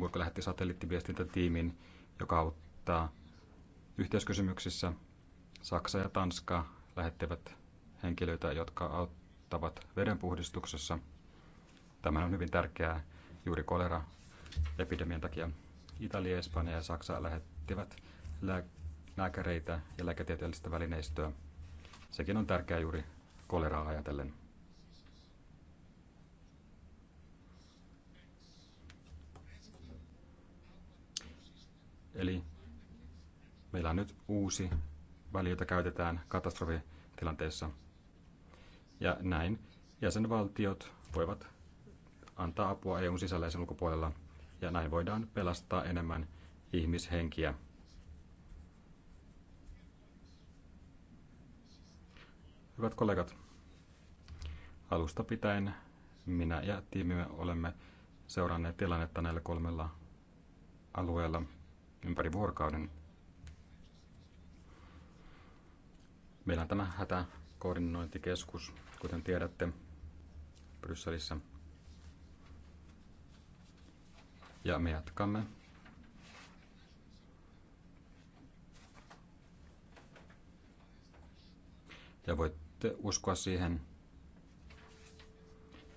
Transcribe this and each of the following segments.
Luxemburg lähetti satelliittiviestintätiimin, joka auttaa yhteiskysymyksissä. Saksa ja Tanska lähettivät henkilöitä, jotka auttavat vedenpuhdistuksessa. Tämä on hyvin tärkeää juuri koleraepidemian takia. Italia, Espanja ja Saksa lähettivät lääkäreitä ja lääketieteellistä välineistöä. Sekin on tärkeää juuri koleraa ajatellen. Eli meillä on nyt uusi väli, jota käytetään katastrofitilanteessa. Ja näin jäsenvaltiot voivat antaa apua EUn sisällä ja sen ulkopuolella, ja näin voidaan pelastaa enemmän ihmishenkiä. Hyvät kollegat, alusta pitäen minä ja tiimimme olemme seuranneet tilannetta näillä kolmella alueella – ympäri vuorokauden. Meillä on tämä hätäkoordinointikeskus, kuten tiedätte, Brysselissä. Ja me jatkamme ja voitte uskoa siihen,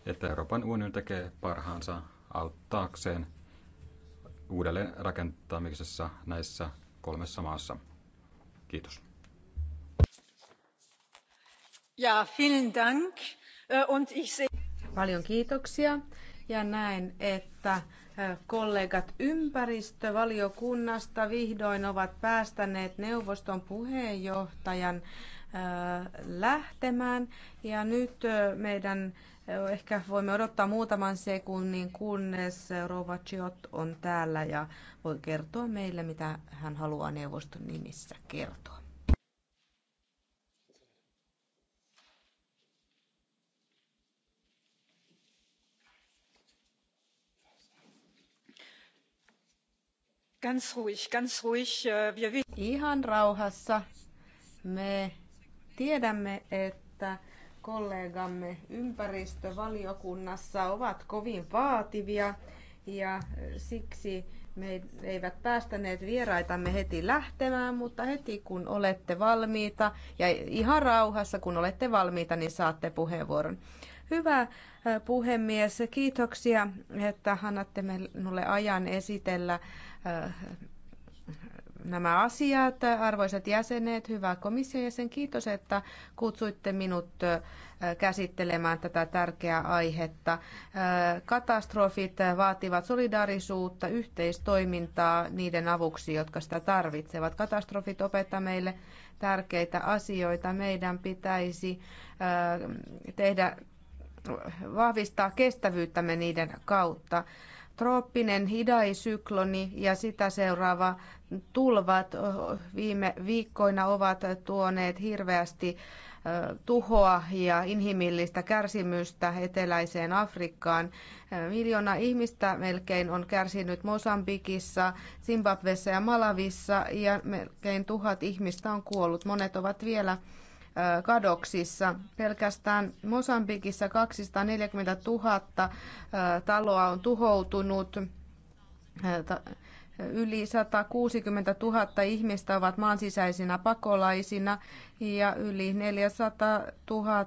että Euroopan unioni tekee parhaansa auttaakseen uudelleenrakentamisessa näissä kolmessa maassa. Kiitos. Ja, vielen dank. Und ich se... Paljon kiitoksia ja näen, että kollegat ympäristövaliokunnasta vihdoin ovat päästäneet neuvoston puheenjohtajan lähtemään. Ja nyt meidän ehkä voimme odottaa muutaman sekunnin, kunnes Rova Chiot on täällä ja voi kertoa meille, mitä hän haluaa neuvoston nimissä kertoa. Ganz ruhig, ganz ruhig. Äh, wir... Ihan rauhassa. Me Tiedämme, että kollegamme ympäristövaliokunnassa ovat kovin vaativia ja siksi me eivät päästäneet vieraitamme heti lähtemään, mutta heti kun olette valmiita ja ihan rauhassa kun olette valmiita, niin saatte puheenvuoron. Hyvä äh, puhemies, kiitoksia, että annatte minulle ajan esitellä äh, nämä asiat. Arvoisat jäsenet, hyvä komission jäsen, kiitos, että kutsuitte minut käsittelemään tätä tärkeää aihetta. Katastrofit vaativat solidaarisuutta, yhteistoimintaa niiden avuksi, jotka sitä tarvitsevat. Katastrofit opettaa meille tärkeitä asioita. Meidän pitäisi tehdä vahvistaa kestävyyttämme niiden kautta. Trooppinen hidaisykloni ja sitä seuraava tulvat viime viikkoina ovat tuoneet hirveästi tuhoa ja inhimillistä kärsimystä eteläiseen Afrikkaan. Miljoona ihmistä melkein on kärsinyt Mosambikissa, Zimbabwessa ja Malavissa ja melkein tuhat ihmistä on kuollut. Monet ovat vielä kadoksissa. Pelkästään Mosambikissa 240 000 taloa on tuhoutunut. Yli 160 000 ihmistä ovat maan sisäisinä pakolaisina ja yli 400 000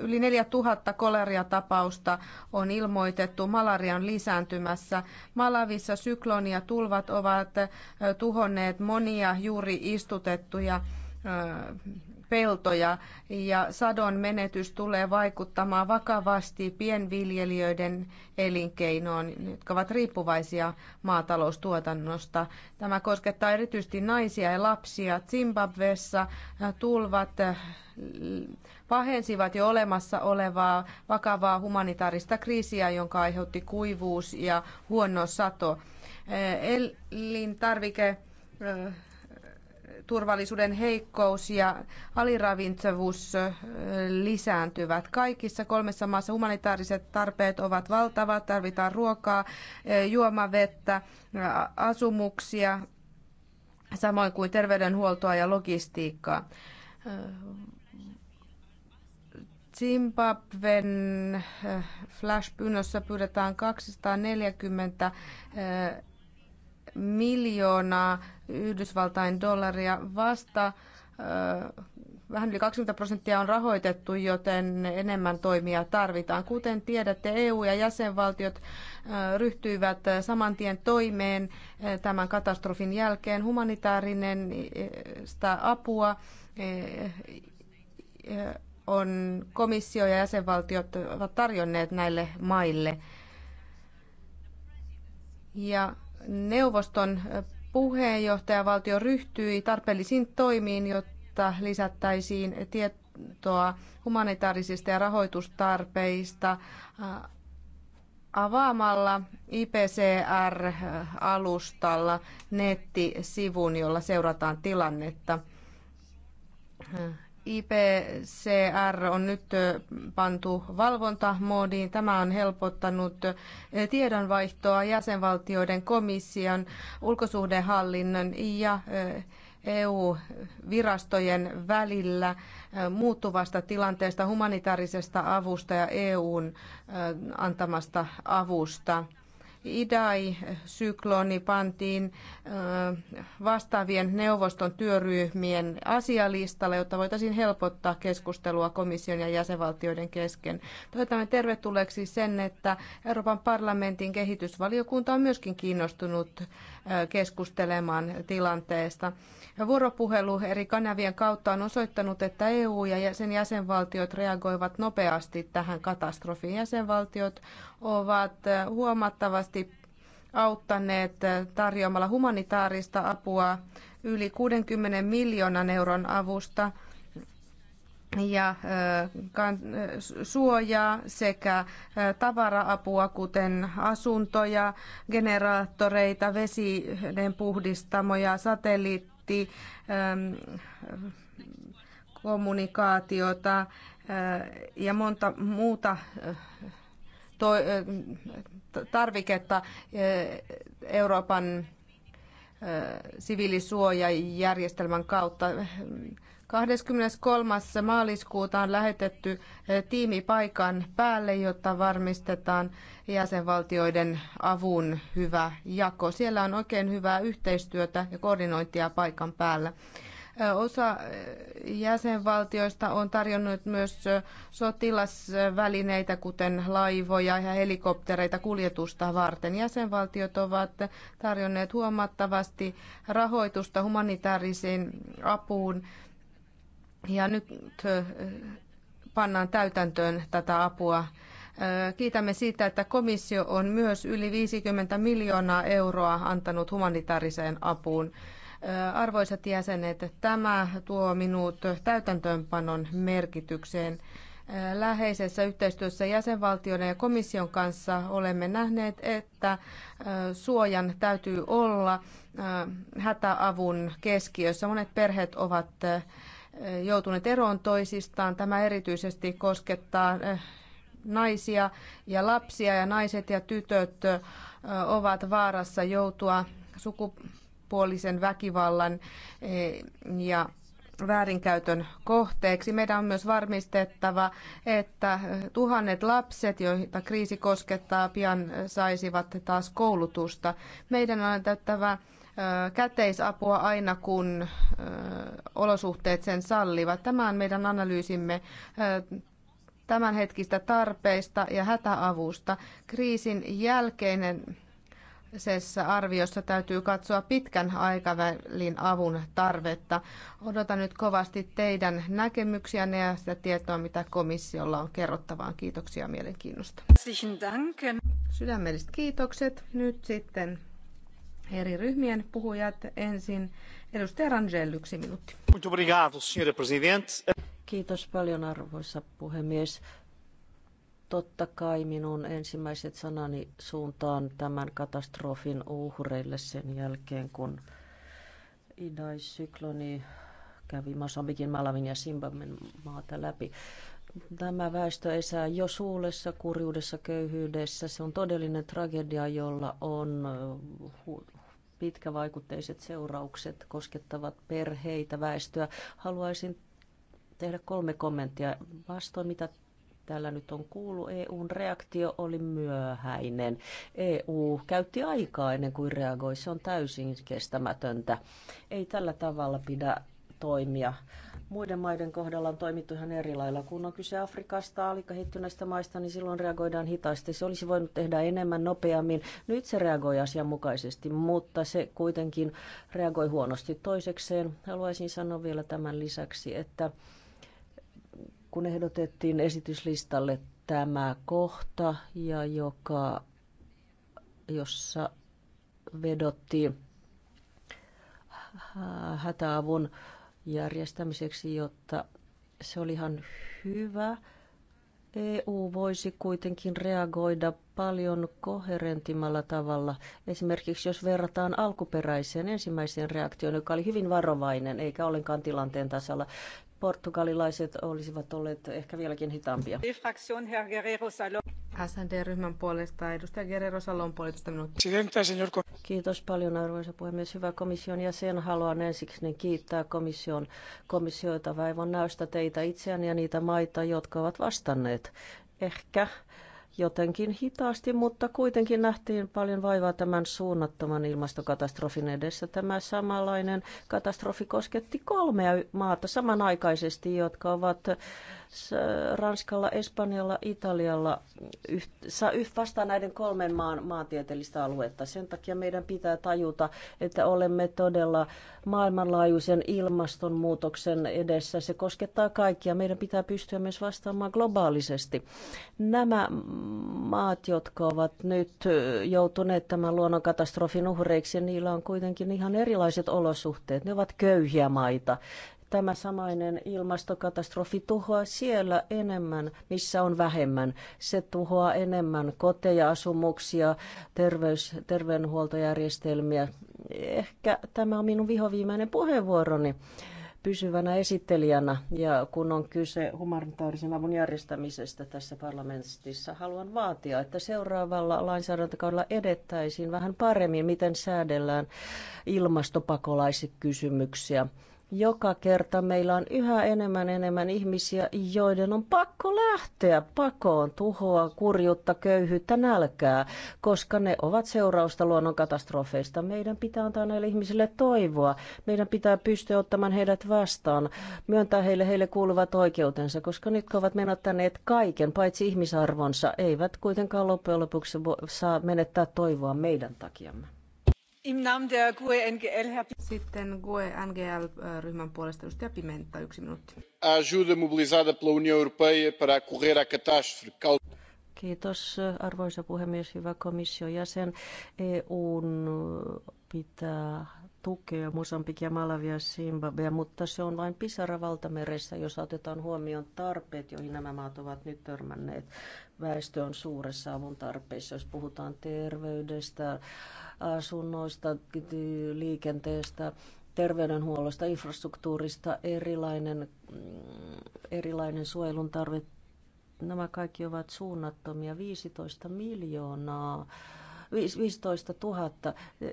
Yli 4000 koleriatapausta on ilmoitettu malarian lisääntymässä. Malavissa sykloni ja tulvat ovat tuhonneet monia juuri istutettuja peltoja ja sadon menetys tulee vaikuttamaan vakavasti pienviljelijöiden elinkeinoon, jotka ovat riippuvaisia maataloustuotannosta. Tämä koskettaa erityisesti naisia ja lapsia. Zimbabwessa tulvat pahensivat jo olemassa olevaa vakavaa humanitaarista kriisiä, jonka aiheutti kuivuus ja huono sato. Elintarvike turvallisuuden heikkous ja aliravintsevuus lisääntyvät. Kaikissa kolmessa maassa humanitaariset tarpeet ovat valtavat. Tarvitaan ruokaa, juomavettä, asumuksia, samoin kuin terveydenhuoltoa ja logistiikkaa. Zimbabwen flash-pyynnössä pyydetään 240 miljoonaa Yhdysvaltain dollaria vasta vähän yli 20 prosenttia on rahoitettu, joten enemmän toimia tarvitaan. Kuten tiedätte, EU ja jäsenvaltiot ryhtyivät saman tien toimeen tämän katastrofin jälkeen. Humanitaarinen sitä apua on komissio ja jäsenvaltiot ovat tarjonneet näille maille. Ja neuvoston puheenjohtajavaltio ryhtyi tarpeellisiin toimiin, jotta lisättäisiin tietoa humanitaarisista ja rahoitustarpeista äh, avaamalla IPCR-alustalla nettisivun, jolla seurataan tilannetta. IPCR on nyt pantu valvontamoodiin. Tämä on helpottanut tiedonvaihtoa jäsenvaltioiden komission, ulkosuhdehallinnon ja EU-virastojen välillä muuttuvasta tilanteesta, humanitaarisesta avusta ja EUn antamasta avusta. IDAI-sykloni pantiin vastaavien neuvoston työryhmien asialistalle, jotta voitaisiin helpottaa keskustelua komission ja jäsenvaltioiden kesken. Toivotamme tervetulleeksi sen, että Euroopan parlamentin kehitysvaliokunta on myöskin kiinnostunut keskustelemaan tilanteesta. Vuoropuhelu eri kanavien kautta on osoittanut, että EU ja sen jäsenvaltiot reagoivat nopeasti tähän katastrofiin. Jäsenvaltiot ovat huomattavasti auttaneet tarjoamalla humanitaarista apua yli 60 miljoonan euron avusta ja suojaa sekä tavara-apua, kuten asuntoja, generaattoreita, vesiden puhdistamoja, satelliitti, kommunikaatiota ja monta muuta tarviketta Euroopan siviilisuojajärjestelmän kautta. 23. maaliskuuta on lähetetty eh, tiimi paikan päälle, jotta varmistetaan jäsenvaltioiden avun hyvä jako. Siellä on oikein hyvää yhteistyötä ja koordinointia paikan päällä. Eh, osa eh, jäsenvaltioista on tarjonnut myös sotilasvälineitä, kuten laivoja ja helikoptereita kuljetusta varten. Jäsenvaltiot ovat tarjonneet huomattavasti rahoitusta humanitaarisiin apuun ja nyt eh, pannaan täytäntöön tätä apua. Eh, kiitämme siitä, että komissio on myös yli 50 miljoonaa euroa antanut humanitaariseen apuun. Eh, arvoisat jäsenet, tämä tuo minut täytäntöönpanon merkitykseen. Läheisessä yhteistyössä jäsenvaltioiden ja komission kanssa olemme nähneet, että suojan täytyy olla hätäavun keskiössä. Monet perheet ovat joutuneet eroon toisistaan. Tämä erityisesti koskettaa eh, naisia ja lapsia ja naiset ja tytöt eh, ovat vaarassa joutua sukupuolisen väkivallan eh, ja väärinkäytön kohteeksi. Meidän on myös varmistettava, että tuhannet lapset, joita kriisi koskettaa, pian saisivat taas koulutusta. Meidän on annettava käteisapua aina, kun olosuhteet sen sallivat. Tämä on meidän analyysimme tämänhetkistä tarpeista ja hätäavusta. Kriisin jälkeinen arviossa täytyy katsoa pitkän aikavälin avun tarvetta. Odotan nyt kovasti teidän näkemyksiänne ja sitä tietoa, mitä komissiolla on kerrottavaan. Kiitoksia mielenkiinnosta. Sydämelliset kiitokset. Nyt sitten eri ryhmien puhujat. Ensin edustaja Rangel, yksi minuutti. Kiitos paljon arvoisa puhemies. Totta kai minun ensimmäiset sanani suuntaan tämän katastrofin uhreille sen jälkeen, kun Idai-sykloni kävi Mosambikin, Malavin ja Zimbabwen maata läpi. Tämä väestö ei jo suulessa, kurjuudessa, köyhyydessä. Se on todellinen tragedia, jolla on pitkävaikutteiset seuraukset koskettavat perheitä, väestöä. Haluaisin tehdä kolme kommenttia. Vastoin mitä täällä nyt on kuullut, EUn reaktio oli myöhäinen. EU käytti aikaa ennen kuin reagoi. Se on täysin kestämätöntä. Ei tällä tavalla pidä toimia. Muiden maiden kohdalla on toimittu ihan eri lailla. Kun on kyse Afrikasta, alikahittyneistä maista, niin silloin reagoidaan hitaasti. Se olisi voinut tehdä enemmän nopeammin. Nyt se reagoi asianmukaisesti, mutta se kuitenkin reagoi huonosti. Toisekseen haluaisin sanoa vielä tämän lisäksi, että kun ehdotettiin esityslistalle tämä kohta, ja joka, jossa vedottiin hätäavun äh, järjestämiseksi, jotta se oli ihan hyvä. EU voisi kuitenkin reagoida paljon koherentimmalla tavalla. Esimerkiksi jos verrataan alkuperäiseen ensimmäiseen reaktioon, joka oli hyvin varovainen eikä ollenkaan tilanteen tasalla portugalilaiset olisivat olleet ehkä vieläkin hitaampia. SND-ryhmän puolesta edustaja Guerrero Salon puolesta minuuttia. Kiitos paljon arvoisa puhemies. Hyvä komission jäsen. Haluan ensiksi kiittää komission, komissioita väivon näystä teitä itseään ja niitä maita, jotka ovat vastanneet. Ehkä jotenkin hitaasti, mutta kuitenkin nähtiin paljon vaivaa tämän suunnattoman ilmastokatastrofin edessä. Tämä samanlainen katastrofi kosketti kolmea maata samanaikaisesti, jotka ovat Ranskalla, Espanjalla, Italialla vastaan näiden kolmen maan maantieteellistä aluetta. Sen takia meidän pitää tajuta, että olemme todella maailmanlaajuisen ilmastonmuutoksen edessä. Se koskettaa kaikkia. Meidän pitää pystyä myös vastaamaan globaalisesti. Nämä maat, jotka ovat nyt joutuneet tämän luonnonkatastrofin uhreiksi, niillä on kuitenkin ihan erilaiset olosuhteet. Ne ovat köyhiä maita. Tämä samainen ilmastokatastrofi tuhoaa siellä enemmän, missä on vähemmän. Se tuhoaa enemmän koteja, asumuksia, terveys, terveydenhuoltojärjestelmiä. Ehkä tämä on minun vihoviimeinen puheenvuoroni pysyvänä esittelijänä ja kun on kyse humanitaarisen avun järjestämisestä tässä parlamentissa, haluan vaatia, että seuraavalla lainsäädäntökaudella edettäisiin vähän paremmin, miten säädellään ilmastopakolaisia kysymyksiä. Joka kerta meillä on yhä enemmän enemmän ihmisiä, joiden on pakko lähteä pakoon tuhoa, kurjuutta, köyhyyttä, nälkää, koska ne ovat seurausta luonnonkatastrofeista. Meidän pitää antaa näille ihmisille toivoa. Meidän pitää pystyä ottamaan heidät vastaan, myöntää heille heille kuuluvat oikeutensa, koska nyt kun ovat menettäneet kaiken, paitsi ihmisarvonsa, eivät kuitenkaan loppujen lopuksi saa menettää toivoa meidän takiamme. Im e Sitten GUE NGL-ryhmän äh, puolesta edustaja Pimenta, yksi minuutti. Ajuda mobilizada pela União Europeia para correr a catástrofe. Kiitos arvoisa puhemies, hyvä komission jäsen. EUn pitää tukea Mosambikia, Malavia, Zimbabwea, mutta se on vain pisara valtameressä, jos otetaan huomioon tarpeet, joihin nämä maat ovat nyt törmänneet. Väestö on suuressa avun tarpeessa, jos puhutaan terveydestä, asunnoista, liikenteestä, terveydenhuollosta, infrastruktuurista, erilainen, mm, erilainen suojelun tarve. Nämä kaikki ovat suunnattomia. 15 miljoonaa 15 000,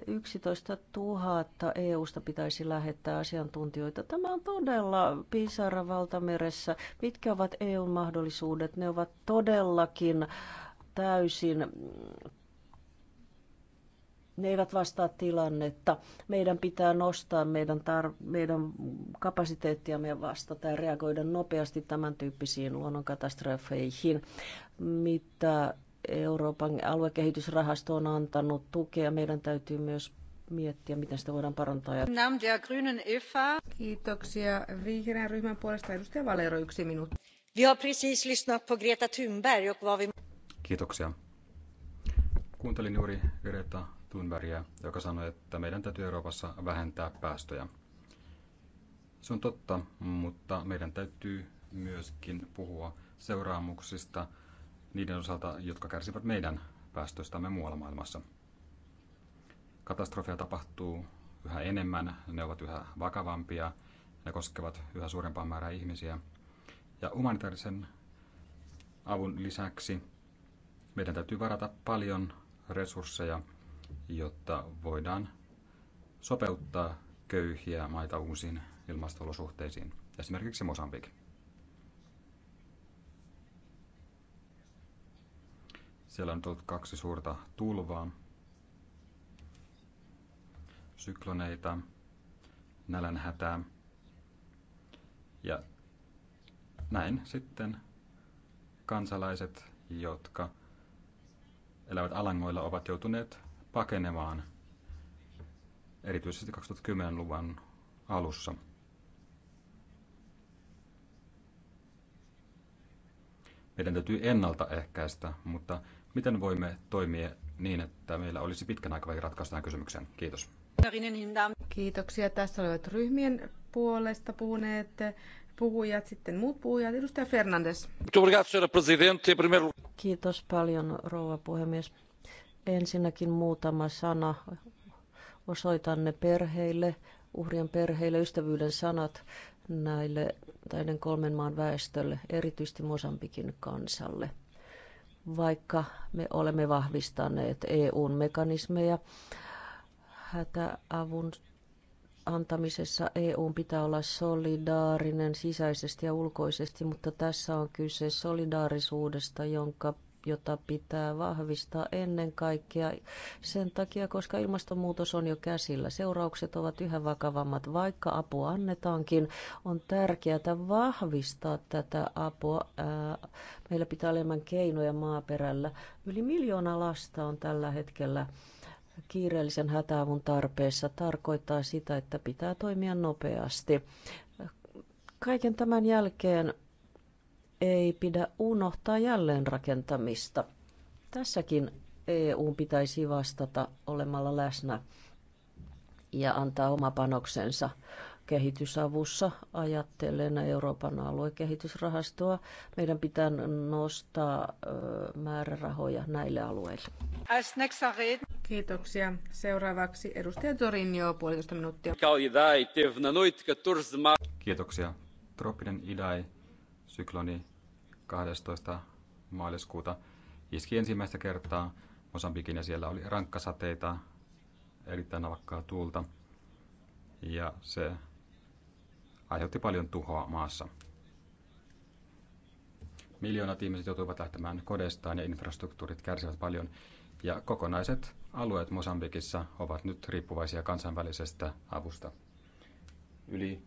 11 000 EU-sta pitäisi lähettää asiantuntijoita. Tämä on todella pisara valtameressä. Mitkä ovat EUn mahdollisuudet? Ne ovat todellakin täysin ne eivät vastaa tilannetta. Meidän pitää nostaa meidän, tar- meidän kapasiteettiamme ja vastata ja reagoida nopeasti tämän tyyppisiin luonnonkatastrofeihin, mitä Euroopan aluekehitysrahasto on antanut tukea. Meidän täytyy myös miettiä, miten sitä voidaan parantaa. Kiitoksia. Vihreän ryhmän puolesta edustaja Valero, yksi minuutti. Vi har precis lyssnat på Greta Thunberg och vad vi... Kiitoksia. Kuuntelin juuri Greta Thunbergia, joka sanoi, että meidän täytyy Euroopassa vähentää päästöjä. Se on totta, mutta meidän täytyy myöskin puhua seuraamuksista – niiden osalta, jotka kärsivät meidän päästöistämme muualla maailmassa. Katastrofeja tapahtuu yhä enemmän, ne ovat yhä vakavampia, ne koskevat yhä suurempaa määrää ihmisiä. Ja humanitaarisen avun lisäksi meidän täytyy varata paljon resursseja, jotta voidaan sopeuttaa köyhiä maita uusiin ilmastolosuhteisiin, esimerkiksi Mosambik. Siellä on tullut kaksi suurta tulvaa, sykloneita, nälänhätää. Ja näin sitten kansalaiset, jotka elävät alangoilla, ovat joutuneet pakenemaan erityisesti 2010-luvun alussa. Meidän täytyy ennaltaehkäistä, mutta miten voimme toimia niin, että meillä olisi pitkän aikavälin ratkaisu tähän kysymykseen. Kiitos. Kiitoksia. Tässä olivat ryhmien puolesta puhuneet puhujat, sitten muut puhujat. Edustaja Fernandes. Kiitos paljon, rouva puhemies. Ensinnäkin muutama sana. Osoitan ne perheille, uhrien perheille, ystävyyden sanat näille näiden kolmen maan väestölle, erityisesti Mosambikin kansalle vaikka me olemme vahvistaneet EUn mekanismeja hätäavun antamisessa EUn pitää olla solidaarinen sisäisesti ja ulkoisesti, mutta tässä on kyse solidaarisuudesta, jonka jota pitää vahvistaa ennen kaikkea sen takia, koska ilmastonmuutos on jo käsillä. Seuraukset ovat yhä vakavammat, vaikka apua annetaankin. On tärkeää vahvistaa tätä apua. Meillä pitää olemaan keinoja maaperällä. Yli miljoona lasta on tällä hetkellä kiireellisen hätäavun tarpeessa tarkoittaa sitä, että pitää toimia nopeasti. Kaiken tämän jälkeen ei pidä unohtaa jälleenrakentamista. Tässäkin EU pitäisi vastata olemalla läsnä ja antaa oma panoksensa kehitysavussa. Ajattelen Euroopan aluekehitysrahastoa. Meidän pitää nostaa määrärahoja näille alueille. Kiitoksia. Seuraavaksi edustaja Torinjo, puolitoista minuuttia. Kiitoksia. Trooppinen idai, sykloni 12. maaliskuuta iski ensimmäistä kertaa Mosambikin ja siellä oli rankkasateita, erittäin navakkaa tuulta ja se aiheutti paljon tuhoa maassa. Miljoonat ihmiset joutuivat lähtemään kodestaan ja infrastruktuurit kärsivät paljon ja kokonaiset alueet Mosambikissa ovat nyt riippuvaisia kansainvälisestä avusta. Yli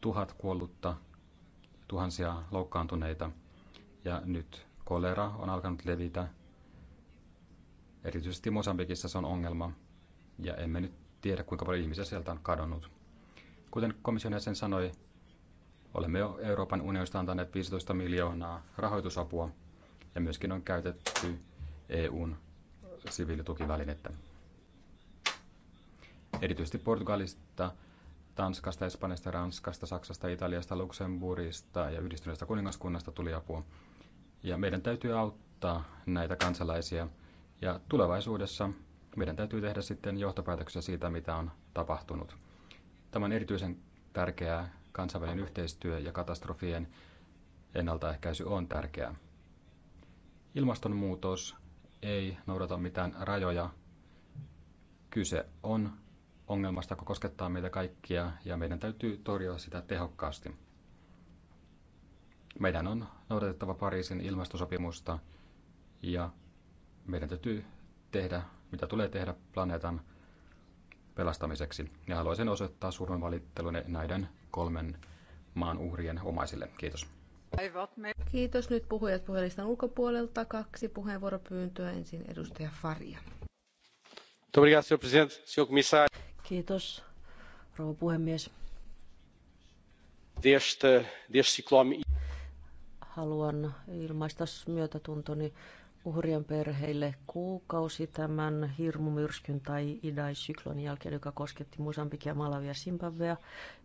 tuhat kuollutta, tuhansia loukkaantuneita – ja nyt kolera on alkanut levitä. Erityisesti Mosambikissa se on ongelma ja emme nyt tiedä, kuinka paljon ihmisiä sieltä on kadonnut. Kuten komission jäsen sanoi, olemme jo Euroopan unionista antaneet 15 miljoonaa rahoitusapua ja myöskin on käytetty EUn siviilitukivälinettä. Erityisesti Portugalista, Tanskasta, Espanjasta, Ranskasta, Saksasta, Italiasta, Luxemburgista ja yhdistyneestä kuningaskunnasta tuli apua. Ja meidän täytyy auttaa näitä kansalaisia. Ja tulevaisuudessa meidän täytyy tehdä sitten johtopäätöksiä siitä, mitä on tapahtunut. Tämä on erityisen tärkeää. Kansainvälinen yhteistyö ja katastrofien ennaltaehkäisy on tärkeää. Ilmastonmuutos ei noudata mitään rajoja. Kyse on ongelmasta, joka koskettaa meitä kaikkia ja meidän täytyy torjua sitä tehokkaasti. Meidän on noudatettava Pariisin ilmastosopimusta ja meidän täytyy tehdä, mitä tulee tehdä planeetan pelastamiseksi. Ja haluaisin osoittaa surman valittelun näiden kolmen maan uhrien omaisille. Kiitos. Kiitos. Nyt puhujat puhelistan ulkopuolelta. Kaksi puheenvuoropyyntöä. Ensin edustaja Faria. Kiitos, rouva puhemies. Haluan ilmaista myötätuntoni uhrien perheille kuukausi tämän hirmumyrskyn tai idaisyklon jälkeen, joka kosketti Musambikia, Malavia, Simbabwea,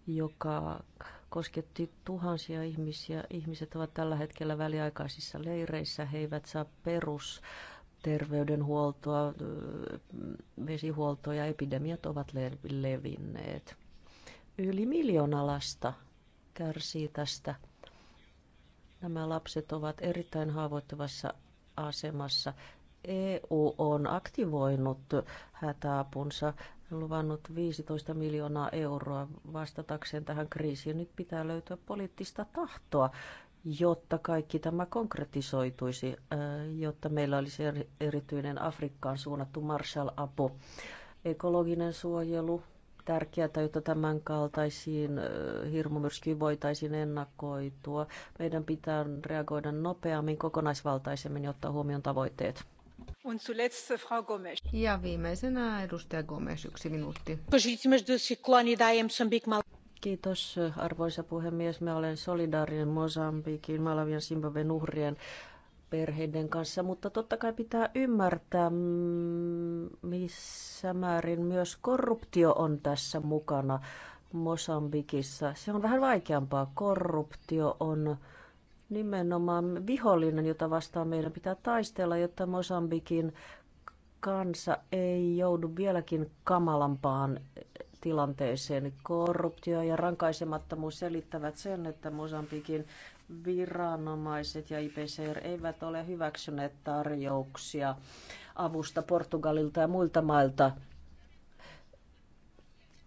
joka kosketti tuhansia ihmisiä. Ihmiset ovat tällä hetkellä väliaikaisissa leireissä, he eivät saa perus terveydenhuoltoa, vesihuoltoa ja epidemiat ovat levinneet. Yli miljoona lasta kärsii tästä Nämä lapset ovat erittäin haavoittuvassa asemassa. EU on aktivoinut hätäapunsa, luvannut 15 miljoonaa euroa vastatakseen tähän kriisiin. Nyt pitää löytyä poliittista tahtoa, jotta kaikki tämä konkretisoituisi, äh, jotta meillä olisi erityinen Afrikkaan suunnattu Marshall-apu, ekologinen suojelu, tärkeää, jotta tämän kaltaisiin hirmumyrskyihin voitaisiin ennakoitua. Meidän pitää reagoida nopeammin, kokonaisvaltaisemmin, jotta huomioon tavoitteet. Ja viimeisenä edustaja Gomes, yksi minuutti. Kiitos arvoisa puhemies. Mä olen solidaarinen Mosambikin, Malavian, Zimbabwen uhrien perheiden kanssa, mutta totta kai pitää ymmärtää, mm, missä määrin myös korruptio on tässä mukana Mosambikissa. Se on vähän vaikeampaa. Korruptio on nimenomaan vihollinen, jota vastaan meidän pitää taistella, jotta Mosambikin kansa ei joudu vieläkin kamalampaan tilanteeseen. Korruptio ja rankaisemattomuus selittävät sen, että Mosambikin viranomaiset ja IPCR eivät ole hyväksyneet tarjouksia avusta Portugalilta ja muilta mailta.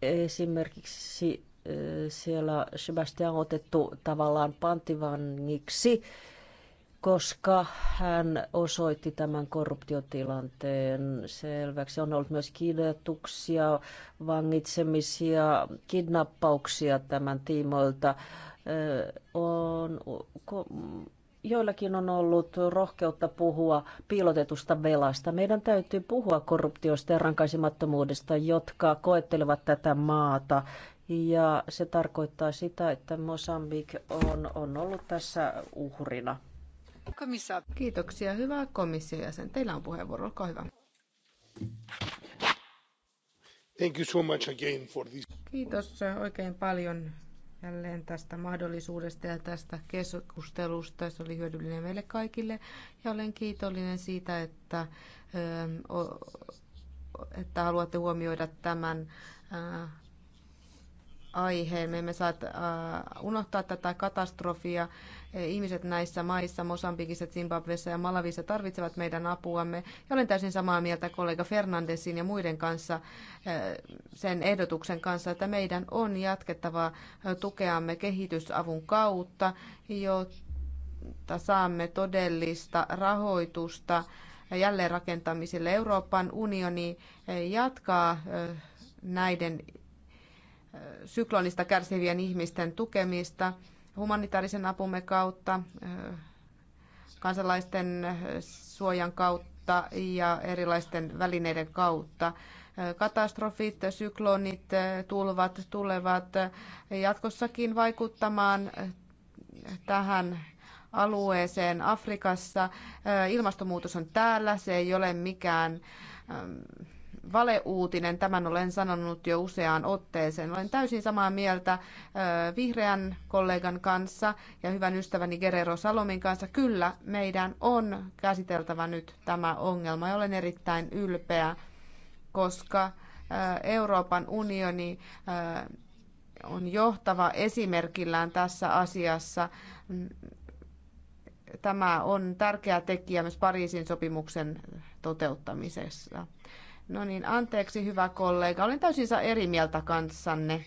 Esimerkiksi eh, siellä Sebastian on otettu tavallaan pantivangiksi, koska hän osoitti tämän korruptiotilanteen selväksi. On ollut myös kidutuksia, vangitsemisia, kidnappauksia tämän tiimoilta on joillakin on ollut rohkeutta puhua piilotetusta velasta. Meidän täytyy puhua korruptiosta ja rankaisemattomuudesta, jotka koettelevat tätä maata. Ja se tarkoittaa sitä, että Mosambik on, on ollut tässä uhrina. Komissa. Kiitoksia. Hyvä komission jäsen. Teillä on puheenvuoro. Olkaa hyvä. Thank you so much again for this. Kiitos oikein paljon jälleen tästä mahdollisuudesta ja tästä keskustelusta. Se oli hyödyllinen meille kaikille ja olen kiitollinen siitä, että, että haluatte huomioida tämän aiheen. Me emme saa äh, unohtaa tätä katastrofia. Äh, ihmiset näissä maissa, Mosambikissa, Zimbabwessa ja Malavissa tarvitsevat meidän apuamme. Ja olen täysin samaa mieltä kollega Fernandesin ja muiden kanssa äh, sen ehdotuksen kanssa, että meidän on jatkettava tukeamme kehitysavun kautta, jotta saamme todellista rahoitusta jälleenrakentamiselle. Euroopan unioni jatkaa näiden syklonista kärsivien ihmisten tukemista humanitaarisen apumme kautta, kansalaisten suojan kautta ja erilaisten välineiden kautta. Katastrofit, syklonit, tulvat tulevat jatkossakin vaikuttamaan tähän alueeseen Afrikassa. Ilmastonmuutos on täällä, se ei ole mikään valeuutinen. Tämän olen sanonut jo useaan otteeseen. Olen täysin samaa mieltä vihreän kollegan kanssa ja hyvän ystäväni Gerero Salomin kanssa. Kyllä, meidän on käsiteltävä nyt tämä ongelma ja olen erittäin ylpeä, koska Euroopan unioni on johtava esimerkillään tässä asiassa. Tämä on tärkeä tekijä myös Pariisin sopimuksen toteuttamisessa. No niin, anteeksi hyvä kollega. Olen täysin eri mieltä kanssanne.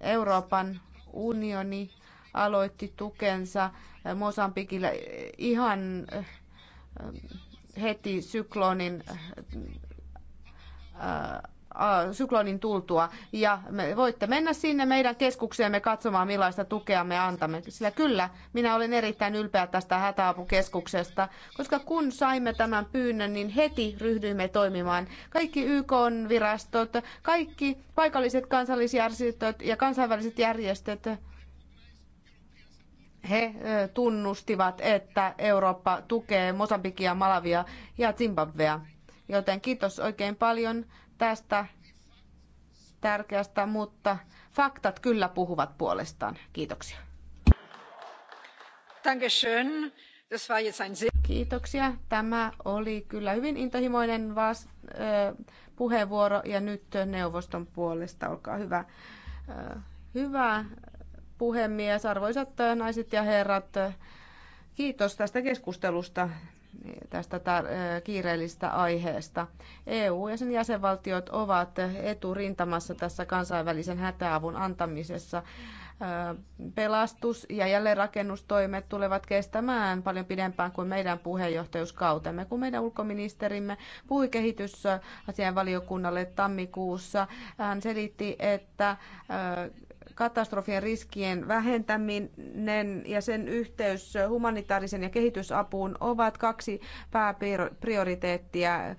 Euroopan unioni aloitti tukensa Mosambikille ihan äh, äh, heti syklonin äh, syklonin tultua. Ja me voitte mennä sinne meidän keskukseemme katsomaan, millaista tukea me antamme. Sillä kyllä, minä olen erittäin ylpeä tästä hätäapukeskuksesta, koska kun saimme tämän pyynnön, niin heti ryhdyimme toimimaan. Kaikki YK-virastot, kaikki paikalliset kansallisjärjestöt ja kansainväliset järjestöt he tunnustivat, että Eurooppa tukee Mosambikia, Malavia ja Zimbabwea. Joten kiitos oikein paljon tästä tärkeästä, mutta faktat kyllä puhuvat puolestaan. Kiitoksia. Kiitoksia. Tämä oli kyllä hyvin intohimoinen vas, puheenvuoro ja nyt neuvoston puolesta. Olkaa hyvä. hyvä puhemies, arvoisat naiset ja herrat. Kiitos tästä keskustelusta tästä tar- kiireellistä aiheesta. EU ja sen jäsenvaltiot ovat eturintamassa tässä kansainvälisen hätäavun antamisessa. Pelastus- ja jälleenrakennustoimet tulevat kestämään paljon pidempään kuin meidän puheenjohtajuuskautemme, kun meidän ulkoministerimme puhui kehitysasianvaliokunnalle tammikuussa. Hän selitti, että katastrofien riskien vähentäminen ja sen yhteys humanitaarisen ja kehitysapuun ovat kaksi pääprioriteettia eh,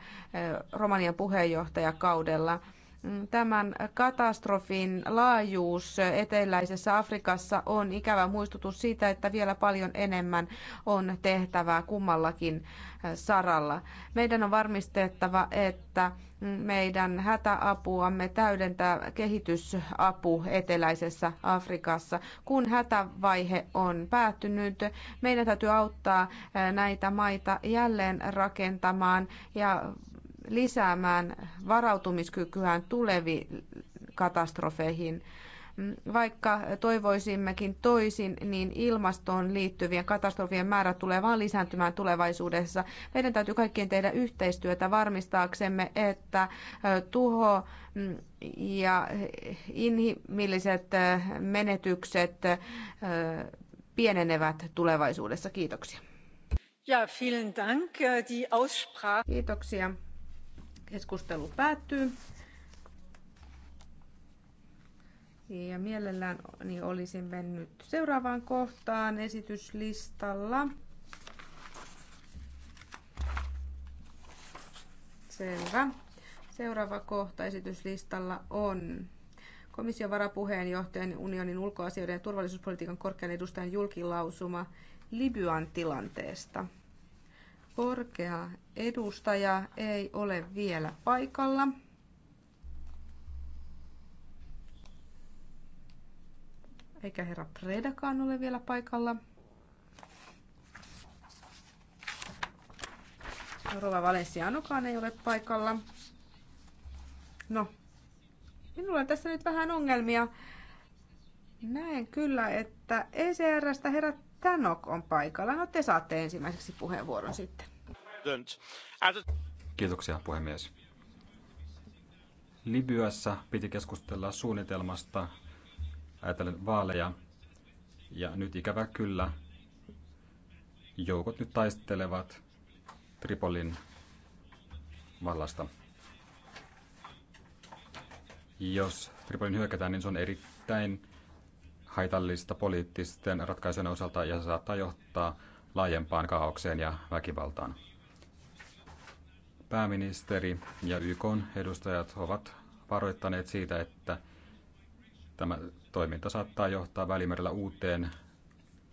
Romanian puheenjohtajakaudella. Mm, tämän katastrofin laajuus eteläisessä Afrikassa on ikävä muistutus siitä, että vielä paljon enemmän on tehtävää kummallakin eh, saralla. Meidän on varmistettava, että meidän hätäapuamme täydentää kehitysapu eteläisessä Afrikassa. Kun hätävaihe on päättynyt, meidän täytyy auttaa eh, näitä maita jälleen rakentamaan ja lisäämään varautumiskykyään tuleviin katastrofeihin. Vaikka toivoisimmekin toisin, niin ilmastoon liittyvien katastrofien määrä tulee vain lisääntymään tulevaisuudessa. Meidän täytyy kaikkien tehdä yhteistyötä varmistaaksemme, että tuho mm, ja inhimilliset menetykset pienenevät tulevaisuudessa. Kiitoksia. Ja, vielen Dank. Äh, die Aussprache... Kiitoksia. Keskustelu päättyy. Ja mielellään niin olisin mennyt seuraavaan kohtaan esityslistalla. Selvä. Seuraava kohta esityslistalla on komission varapuheenjohtajan unionin ulkoasioiden ja turvallisuuspolitiikan korkean edustajan julkilausuma Libyan tilanteesta. Korkea edustaja ei ole vielä paikalla. Eikä herra Predakaan ole vielä paikalla. Rova Valesianokaan ei ole paikalla. No, minulla on tässä nyt vähän ongelmia. Näen kyllä, että ECRstä herra Tanok on paikalla. No te saatte ensimmäiseksi puheenvuoron sitten. Kiitoksia puhemies. Libyassa piti keskustella suunnitelmasta ajatellen vaaleja. Ja nyt ikävä kyllä joukot nyt taistelevat Tripolin vallasta. Jos Tripolin hyökätään, niin se on erittäin haitallista poliittisten ratkaisujen osalta ja se saattaa johtaa laajempaan kaaukseen ja väkivaltaan. Pääministeri ja YK edustajat ovat varoittaneet siitä, että tämä toiminta saattaa johtaa välimerellä uuteen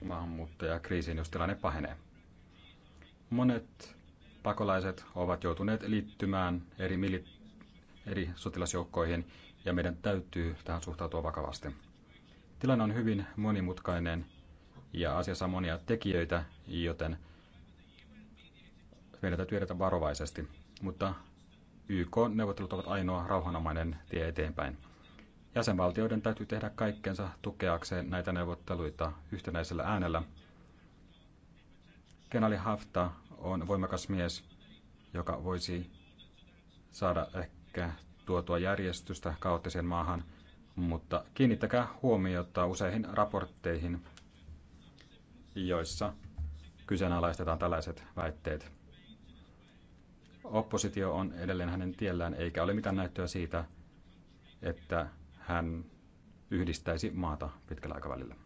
maahanmuuttajakriisiin, jos tilanne pahenee. Monet pakolaiset ovat joutuneet liittymään eri, mili- eri sotilasjoukkoihin ja meidän täytyy tähän suhtautua vakavasti. Tilanne on hyvin monimutkainen ja asiassa on monia tekijöitä, joten meidän täytyy edetä varovaisesti. Mutta YK-neuvottelut ovat ainoa rauhanomainen tie eteenpäin. Jäsenvaltioiden täytyy tehdä kaikkensa tukeakseen näitä neuvotteluita yhtenäisellä äänellä. Kenali Hafta on voimakas mies, joka voisi saada ehkä tuotua järjestystä kaoottiseen maahan – mutta kiinnittäkää huomiota useihin raportteihin, joissa kyseenalaistetaan tällaiset väitteet. Oppositio on edelleen hänen tiellään, eikä ole mitään näyttöä siitä, että hän yhdistäisi maata pitkällä aikavälillä.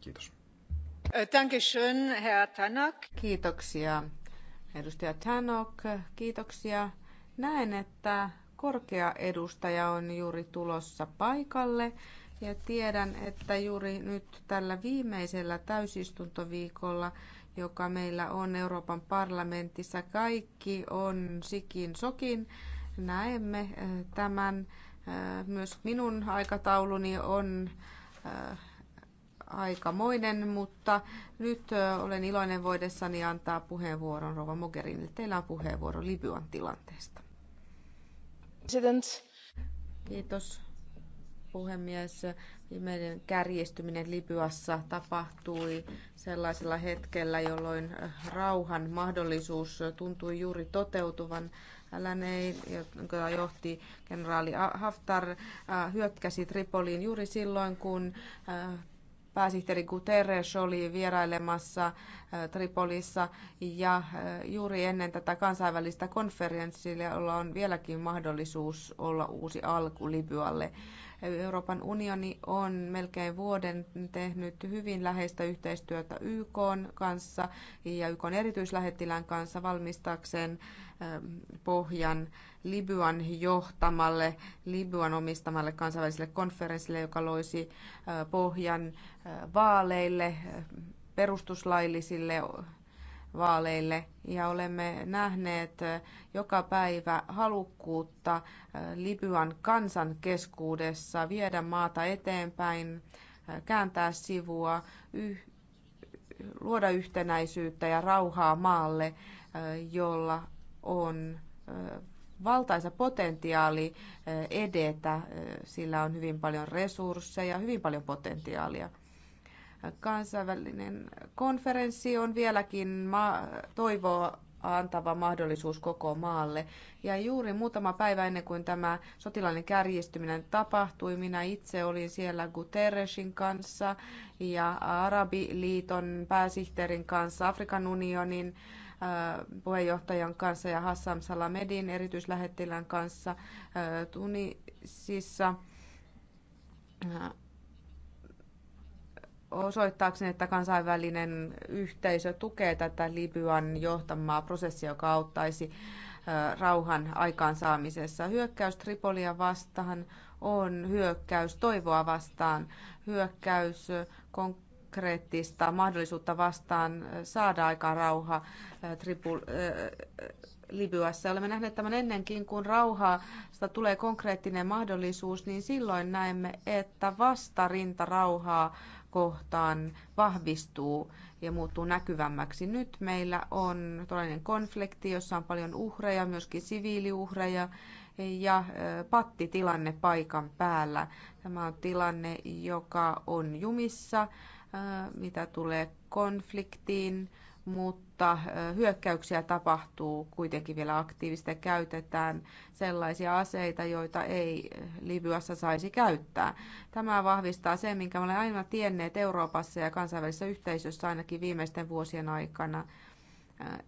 Kiitos. Kiitoksia, edustaja Tanok. Kiitoksia. Näen, että korkea edustaja on juuri tulossa paikalle ja tiedän, että juuri nyt tällä viimeisellä täysistuntoviikolla, joka meillä on Euroopan parlamentissa, kaikki on sikin sokin. Näemme eh, tämän. Eh, myös minun aikatauluni on eh, aikamoinen, mutta nyt olen iloinen voidessani antaa puheenvuoron Rova Mogherinille. Teillä on puheenvuoro Libyan tilanteesta. Kiitos puhemies. Viimeinen kärjistyminen Libyassa tapahtui sellaisella hetkellä, jolloin eh, rauhan mahdollisuus tuntui juuri toteutuvan. Länei, jonka johti kenraali Haftar, eh, hyökkäsi Tripoliin juuri silloin, kun eh, pääsihteeri Guterres oli vierailemassa äh, Tripolissa ja äh, juuri ennen tätä kansainvälistä konferenssia, jolla on vieläkin mahdollisuus olla uusi alku Libyalle. Euroopan unioni on melkein vuoden tehnyt hyvin läheistä yhteistyötä YK kanssa ja YK erityislähettilään kanssa valmistaakseen ähm, pohjan Libyan johtamalle, Libyan omistamalle kansainväliselle konferenssille, joka loisi äh, pohjan äh, vaaleille, äh, perustuslaillisille vaaleille ja olemme nähneet joka päivä halukkuutta Libyan kansan keskuudessa viedä maata eteenpäin, kääntää sivua, yh- luoda yhtenäisyyttä ja rauhaa maalle, jolla on valtaisa potentiaali edetä. Sillä on hyvin paljon resursseja, hyvin paljon potentiaalia. Kansainvälinen konferenssi on vieläkin toivoa antava mahdollisuus koko maalle. Ja juuri muutama päivä ennen kuin tämä sotilainen kärjistyminen tapahtui, minä itse olin siellä Guterresin kanssa ja Arabiliiton pääsihteerin kanssa, Afrikan unionin äh, puheenjohtajan kanssa ja Hassam Salamedin erityislähettilän kanssa äh, Tunisissa äh, osoittaakseni, että kansainvälinen yhteisö tukee tätä Libyan johtamaa prosessia, joka auttaisi rauhan aikaansaamisessa. Hyökkäys Tripolia vastaan on hyökkäys toivoa vastaan, hyökkäys konkreettista mahdollisuutta vastaan saada aikaan rauha Tripol- Libyassa. Olemme nähneet tämän ennenkin, kun rauhasta tulee konkreettinen mahdollisuus, niin silloin näemme, että vastarinta rauhaa kohtaan vahvistuu ja muuttuu näkyvämmäksi. Nyt meillä on todellinen konflikti, jossa on paljon uhreja, myöskin siviiliuhreja ja pattitilanne paikan päällä. Tämä on tilanne, joka on jumissa, mitä tulee konfliktiin, mutta mutta hyökkäyksiä tapahtuu kuitenkin vielä aktiivisesti. Käytetään sellaisia aseita, joita ei Libyassa saisi käyttää. Tämä vahvistaa sen, minkä olen aina tienneet Euroopassa ja kansainvälisessä yhteisössä ainakin viimeisten vuosien aikana –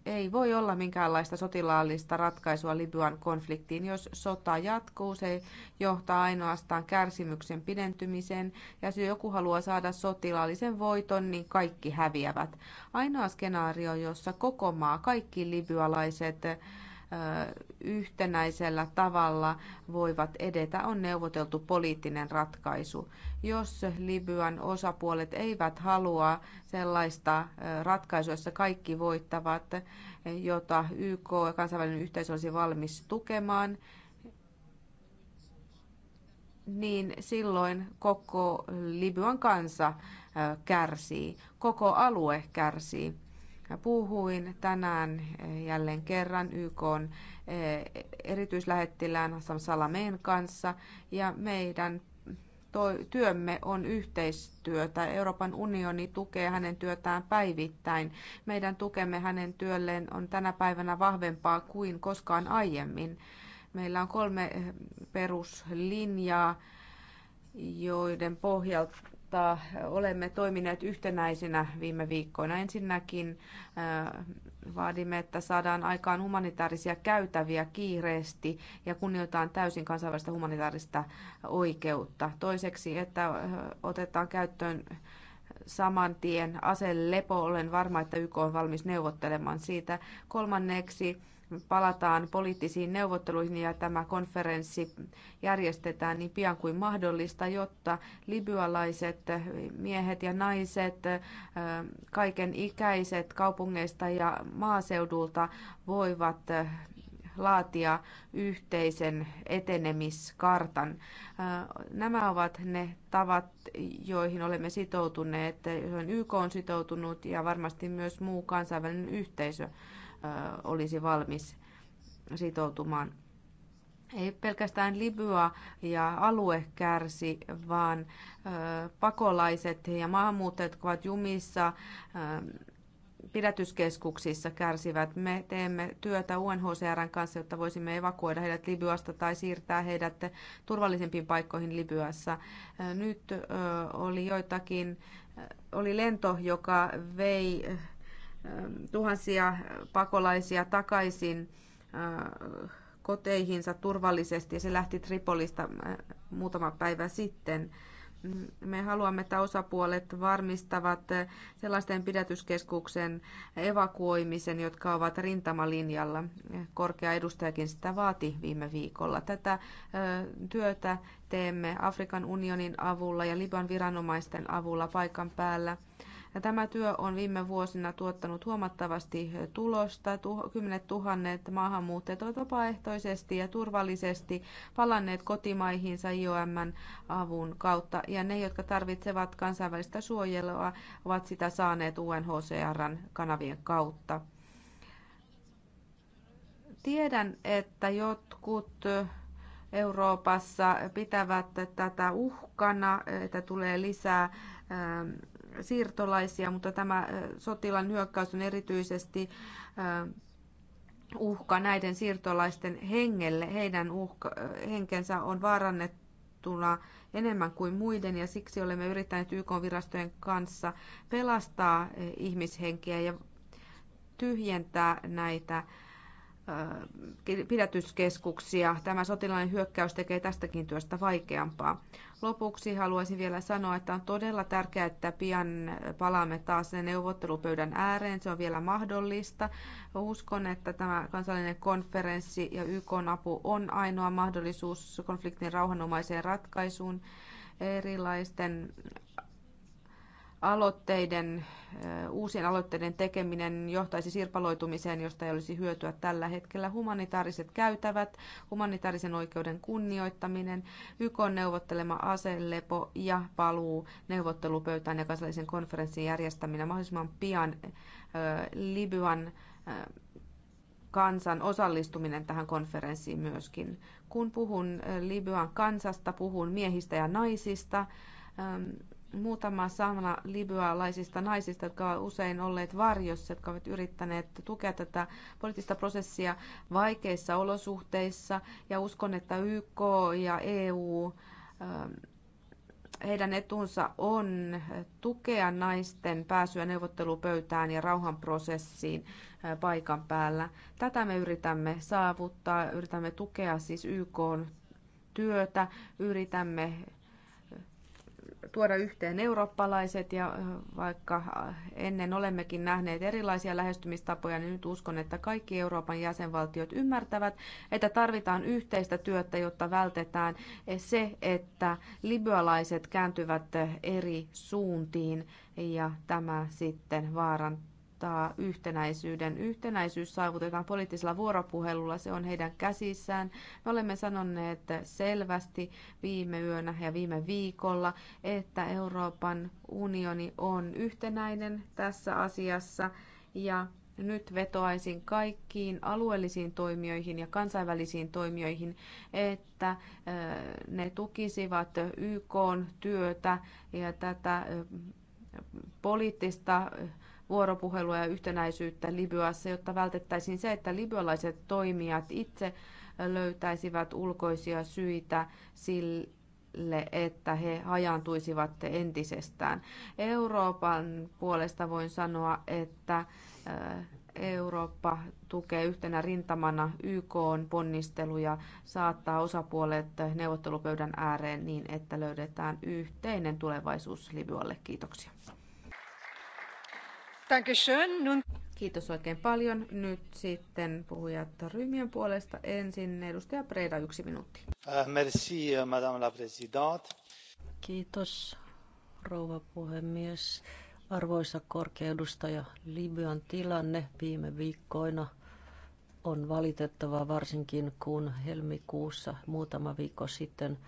ei voi olla minkäänlaista sotilaallista ratkaisua Libyan konfliktiin. Jos sota jatkuu, se johtaa ainoastaan kärsimyksen pidentymiseen. Ja jos joku haluaa saada sotilaallisen voiton, niin kaikki häviävät. Ainoa skenaario, jossa koko maa, kaikki libyalaiset, yhtenäisellä tavalla voivat edetä, on neuvoteltu poliittinen ratkaisu. Jos Libyan osapuolet eivät halua sellaista ratkaisua, jossa kaikki voittavat, jota YK ja kansainvälinen yhteisö olisi valmis tukemaan, niin silloin koko Libyan kansa kärsii, koko alue kärsii. Puhuin tänään eh, jälleen kerran YK eh, erityislähettilään Hassan Salameen kanssa ja meidän työmme on yhteistyötä. Euroopan unioni tukee hänen työtään päivittäin. Meidän tukemme hänen työlleen on tänä päivänä vahvempaa kuin koskaan aiemmin. Meillä on kolme eh, peruslinjaa, joiden pohjalta josta äh, olemme toimineet yhtenäisinä viime viikkoina. Ensinnäkin äh, vaadimme, että saadaan aikaan humanitaarisia käytäviä kiireesti ja kunnioitetaan täysin kansainvälistä humanitaarista oikeutta. Toiseksi, että äh, otetaan käyttöön saman tien aselepo. Olen varma, että YK on valmis neuvottelemaan siitä. Kolmanneksi palataan poliittisiin neuvotteluihin ja tämä konferenssi järjestetään niin pian kuin mahdollista, jotta libyalaiset miehet ja naiset, kaiken ikäiset kaupungeista ja maaseudulta voivat laatia yhteisen etenemiskartan. Nämä ovat ne tavat, joihin olemme sitoutuneet, joihin YK on sitoutunut ja varmasti myös muu kansainvälinen yhteisö olisi valmis sitoutumaan. Ei pelkästään Libya ja alue kärsi, vaan pakolaiset ja maahanmuuttajat, jotka ovat jumissa, pidätyskeskuksissa kärsivät. Me teemme työtä UNHCRn kanssa, jotta voisimme evakuoida heidät Libyasta tai siirtää heidät turvallisempiin paikkoihin Libyassa. Nyt oli joitakin, oli lento, joka vei tuhansia pakolaisia takaisin koteihinsa turvallisesti ja se lähti Tripolista muutama päivä sitten me haluamme, että osapuolet varmistavat sellaisten pidätyskeskuksen evakuoimisen, jotka ovat rintamalinjalla. Korkea edustajakin sitä vaati viime viikolla. Tätä työtä teemme Afrikan unionin avulla ja Liban viranomaisten avulla paikan päällä. Ja tämä työ on viime vuosina tuottanut huomattavasti tulosta. Kymmenet tuhannet maahanmuuttajat ovat vapaaehtoisesti ja turvallisesti palanneet kotimaihinsa IOMn avun kautta, ja ne, jotka tarvitsevat kansainvälistä suojelua, ovat sitä saaneet UNHCRn kanavien kautta. Tiedän, että jotkut Euroopassa pitävät tätä uhkana, että tulee lisää ähm, siirtolaisia, mutta tämä sotilan hyökkäys on erityisesti uhka näiden siirtolaisten hengelle. Heidän uhka, henkensä on vaarannettuna enemmän kuin muiden ja siksi olemme yrittäneet YK-virastojen kanssa pelastaa ihmishenkiä ja tyhjentää näitä pidätyskeskuksia. Tämä sotilainen hyökkäys tekee tästäkin työstä vaikeampaa. Lopuksi haluaisin vielä sanoa, että on todella tärkeää, että pian palaamme taas sen neuvottelupöydän ääreen. Se on vielä mahdollista. Uskon, että tämä kansallinen konferenssi ja YK-apu on ainoa mahdollisuus konfliktin rauhanomaiseen ratkaisuun erilaisten aloitteiden, uusien aloitteiden tekeminen johtaisi sirpaloitumiseen, josta ei olisi hyötyä tällä hetkellä. Humanitaariset käytävät, humanitaarisen oikeuden kunnioittaminen, YK neuvottelema aselepo ja paluu neuvottelupöytään ja kansallisen konferenssin järjestäminen mahdollisimman pian Libyan kansan osallistuminen tähän konferenssiin myöskin. Kun puhun Libyan kansasta, puhun miehistä ja naisista muutama sana libyalaisista naisista, jotka ovat usein olleet varjossa, jotka ovat yrittäneet tukea tätä poliittista prosessia vaikeissa olosuhteissa. Ja uskon, että YK ja EU, ähm, heidän etunsa on tukea naisten pääsyä neuvottelupöytään ja rauhanprosessiin äh, paikan päällä. Tätä me yritämme saavuttaa, yritämme tukea siis YK työtä, yritämme tuoda yhteen eurooppalaiset ja vaikka ennen olemmekin nähneet erilaisia lähestymistapoja, niin nyt uskon, että kaikki Euroopan jäsenvaltiot ymmärtävät, että tarvitaan yhteistä työtä, jotta vältetään se, että libyalaiset kääntyvät eri suuntiin ja tämä sitten vaarantaa saavuttaa yhtenäisyyden. Yhtenäisyys saavutetaan poliittisella vuoropuhelulla, se on heidän käsissään. Me olemme sanoneet selvästi viime yönä ja viime viikolla, että Euroopan unioni on yhtenäinen tässä asiassa ja nyt vetoaisin kaikkiin alueellisiin toimijoihin ja kansainvälisiin toimijoihin, että ne tukisivat YK työtä ja tätä poliittista vuoropuhelua ja yhtenäisyyttä Libyassa, jotta vältettäisiin se, että libyalaiset toimijat itse löytäisivät ulkoisia syitä sille, että he hajaantuisivat entisestään. Euroopan puolesta voin sanoa, että Eurooppa tukee yhtenä rintamana YK ponnisteluja saattaa osapuolet neuvottelupöydän ääreen niin, että löydetään yhteinen tulevaisuus Libyalle. Kiitoksia. Kiitos oikein paljon. Nyt sitten puhujat ryhmien puolesta. Ensin edustaja Preda, yksi minuutti. Euh, merci, euh, madame la présidente. Kiitos, rouva puhemies. Arvoisa korkeudustaja, Libyan tilanne viime viikkoina on valitettava varsinkin kun helmikuussa muutama viikko sitten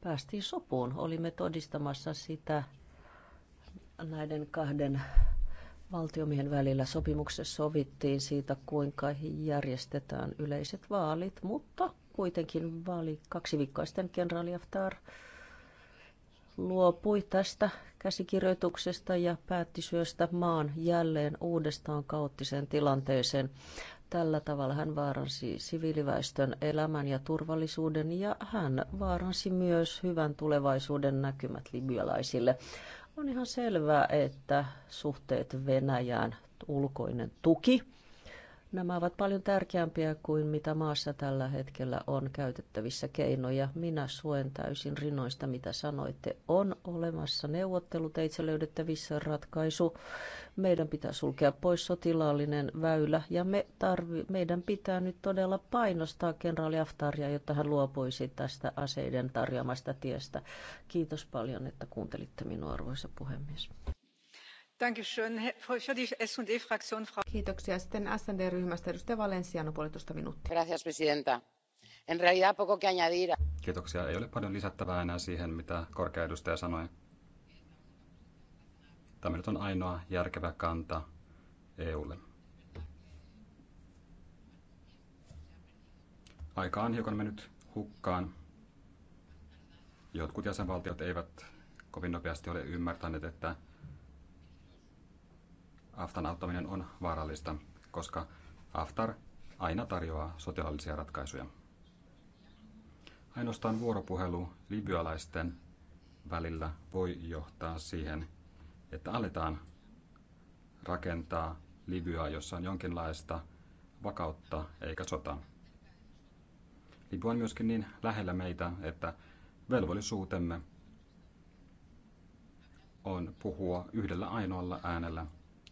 päästiin sopuun. Olimme todistamassa sitä näiden kahden valtiomiehen välillä sopimuksessa sovittiin siitä, kuinka järjestetään yleiset vaalit, mutta kuitenkin vaali kaksi viikkoa sitten kenraali Aftar luopui tästä käsikirjoituksesta ja päätti syöstä maan jälleen uudestaan kaoottiseen tilanteeseen. Tällä tavalla hän vaaransi siviiliväestön elämän ja turvallisuuden ja hän vaaransi myös hyvän tulevaisuuden näkymät libyalaisille. On ihan selvää, että suhteet Venäjään ulkoinen tuki Nämä ovat paljon tärkeämpiä kuin mitä maassa tällä hetkellä on käytettävissä keinoja. Minä suen täysin rinnoista, mitä sanoitte. On olemassa neuvotteluteitse löydettävissä ratkaisu. Meidän pitää sulkea pois sotilaallinen väylä ja me tarvi, meidän pitää nyt todella painostaa kenraali Aftaria, jotta hän luopuisi tästä aseiden tarjoamasta tiestä. Kiitos paljon, että kuuntelitte minua, arvoisa puhemies. E Kiitoksia. Sitten minuuttia. presidenta. En realidad poco que añadir. Kiitoksia. Ei ole paljon lisättävää enää siihen, mitä korkea edustaja sanoi. Tämä nyt on ainoa järkevä kanta EUlle. Aika on hiukan mennyt hukkaan. Jotkut jäsenvaltiot eivät kovin nopeasti ole ymmärtäneet, että Aftan auttaminen on vaarallista, koska Aftar aina tarjoaa sotilaallisia ratkaisuja. Ainoastaan vuoropuhelu libyalaisten välillä voi johtaa siihen, että aletaan rakentaa Libyaa, jossa on jonkinlaista vakautta eikä sotaa. Libya on myöskin niin lähellä meitä, että velvollisuutemme on puhua yhdellä ainoalla äänellä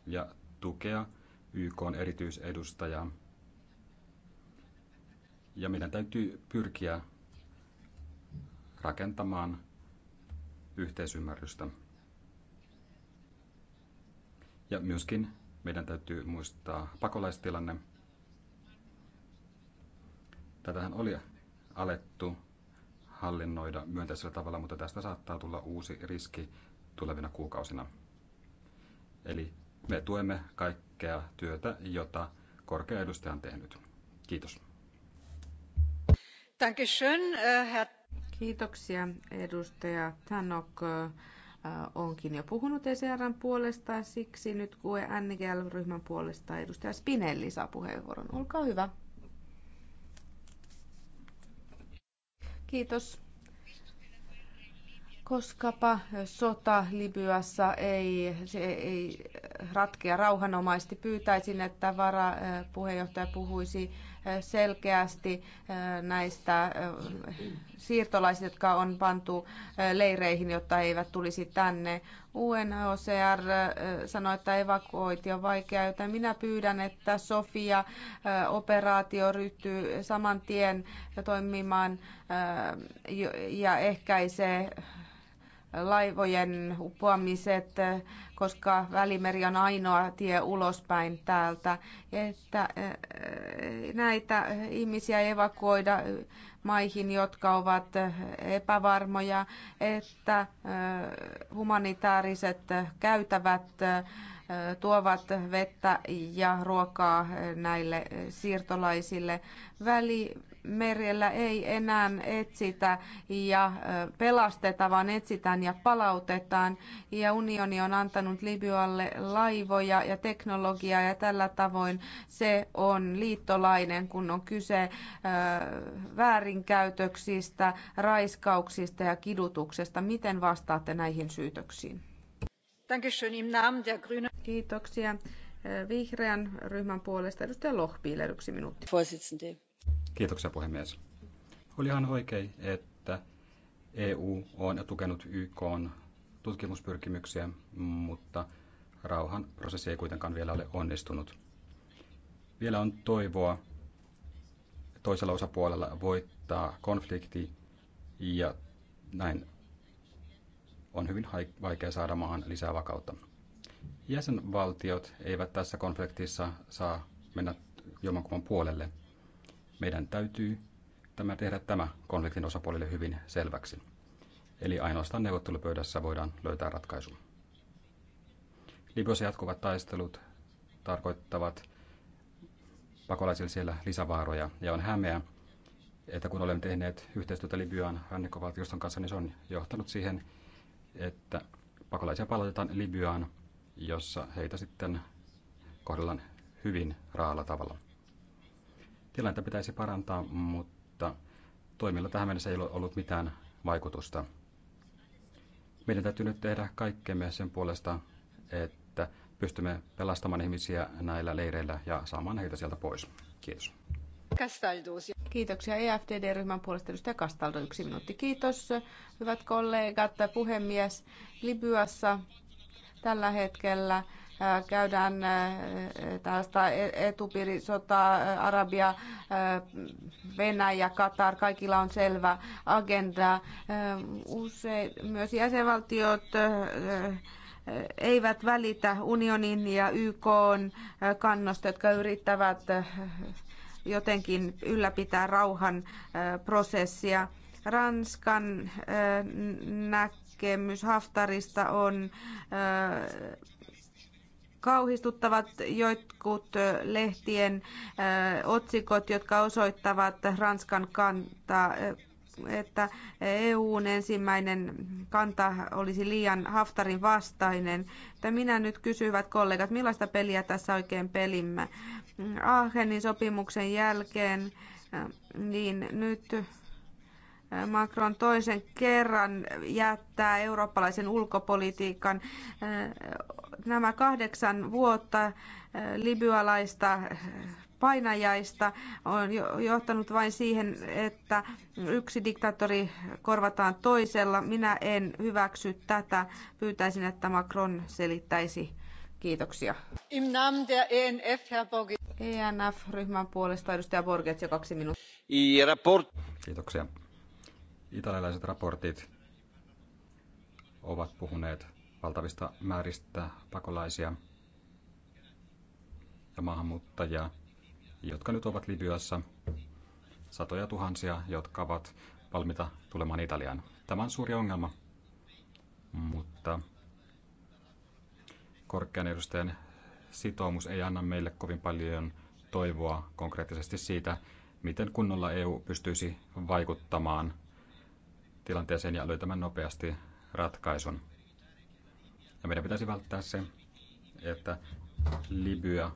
ja tukea YK:n erityisedustajaa. Ja meidän täytyy pyrkiä rakentamaan yhteisymmärrystä. Ja myöskin meidän täytyy muistaa pakolaistilanne. Tätähän oli alettu hallinnoida myönteisellä tavalla, mutta tästä saattaa tulla uusi riski tulevina kuukausina. Eli me tuemme kaikkea työtä, jota korkea edustaja on tehnyt. Kiitos. Äh, Kiitoksia edustaja Tanok äh, onkin jo puhunut ECRn puolesta, siksi nyt kue NGL-ryhmän puolesta edustaja Spinelli saa puheenvuoron. Olkaa hyvä. Kiitos. Koskapa sota Libyassa ei, se ei ratkea rauhanomaisesti. Pyytäisin, että varapuheenjohtaja puhuisi selkeästi näistä siirtolaisista, jotka on pantu leireihin, jotta he eivät tulisi tänne. UNHCR sanoi, että evakuointi on vaikeaa, joten minä pyydän, että Sofia-operaatio ryhtyy saman tien toimimaan ja ehkäisee laivojen uppoamiset, koska Välimeri on ainoa tie ulospäin täältä, että eh, näitä ihmisiä evakuoida maihin, jotka ovat epävarmoja, että eh, humanitaariset käytävät tuovat vettä ja ruokaa näille siirtolaisille. Välimerellä ei enää etsitä ja pelasteta, vaan etsitään ja palautetaan. Ja unioni on antanut Libyalle laivoja ja teknologiaa ja tällä tavoin se on liittolainen, kun on kyse väärinkäytöksistä, raiskauksista ja kidutuksesta. Miten vastaatte näihin syytöksiin? Kiitoksia. Vihreän ryhmän puolesta edustaja Lohpiiler, yksi minuutti. Kiitoksia puhemies. Oli ihan oikein, että EU on tukenut YK tutkimuspyrkimyksiä, mutta rauhan prosessi ei kuitenkaan vielä ole onnistunut. Vielä on toivoa toisella osapuolella voittaa konflikti ja näin on hyvin vaikea saada maahan lisää vakautta. Jäsenvaltiot eivät tässä konfliktissa saa mennä jommankumman puolelle. Meidän täytyy tämä tehdä tämä konfliktin osapuolille hyvin selväksi. Eli ainoastaan neuvottelupöydässä voidaan löytää ratkaisu. Libyassa jatkuvat taistelut tarkoittavat pakolaisille siellä lisävaaroja ja on hämeä, että kun olemme tehneet yhteistyötä Libyan rannikkovaltioston kanssa, niin se on johtanut siihen, että pakolaisia palautetaan Libyaan – jossa heitä sitten kohdellaan hyvin raalla tavalla. Tilannetta pitäisi parantaa, mutta toimilla tähän mennessä ei ole ollut mitään vaikutusta. Meidän täytyy nyt tehdä kaikkemme sen puolesta, että pystymme pelastamaan ihmisiä näillä leireillä ja saamaan heitä sieltä pois. Kiitos. Kiitoksia EFTD-ryhmän puolesta edustaja Kastaldo, yksi minuutti. Kiitos, hyvät kollegat, puhemies. Libyassa Tällä hetkellä käydään tällaista e-, etupiirisotaa, Arabia, Venäjä, Katar, kaikilla on selvä agenda. Usein myös jäsenvaltiot eivät välitä unionin ja YK kannosta, jotka yrittävät jotenkin ylläpitää rauhan prosessia. Ranskan näkökulmasta näkemys Haftarista on kauhistuttavat jotkut lehtien otsikot, jotka osoittavat Ranskan kantaa että EUn ensimmäinen kanta olisi liian Haftarin vastainen. Että minä nyt kysyvät kollegat, millaista peliä tässä oikein pelimme? Aachenin sopimuksen jälkeen, niin nyt Äh, Macron toisen kerran jättää eurooppalaisen ulkopolitiikan. Äh, nämä kahdeksan vuotta äh, libyalaista painajaista on johtanut vain siihen, että yksi diktaattori korvataan toisella. Minä en hyväksy tätä. Pyytäisin, että Macron selittäisi. Kiitoksia. Im Namen der ENF, Herr ENF-ryhmän e puolesta edustaja Borgetsio kaksi minuuttia. Kiitoksia italialaiset raportit ovat puhuneet valtavista määristä pakolaisia ja maahanmuuttajia, jotka nyt ovat Libyassa, satoja tuhansia, jotka ovat valmiita tulemaan Italiaan. Tämä on suuri ongelma, mutta korkean edustajan sitoumus ei anna meille kovin paljon toivoa konkreettisesti siitä, miten kunnolla EU pystyisi vaikuttamaan – tilanteeseen ja löytämään nopeasti ratkaisun. Ja meidän pitäisi välttää se, että Libya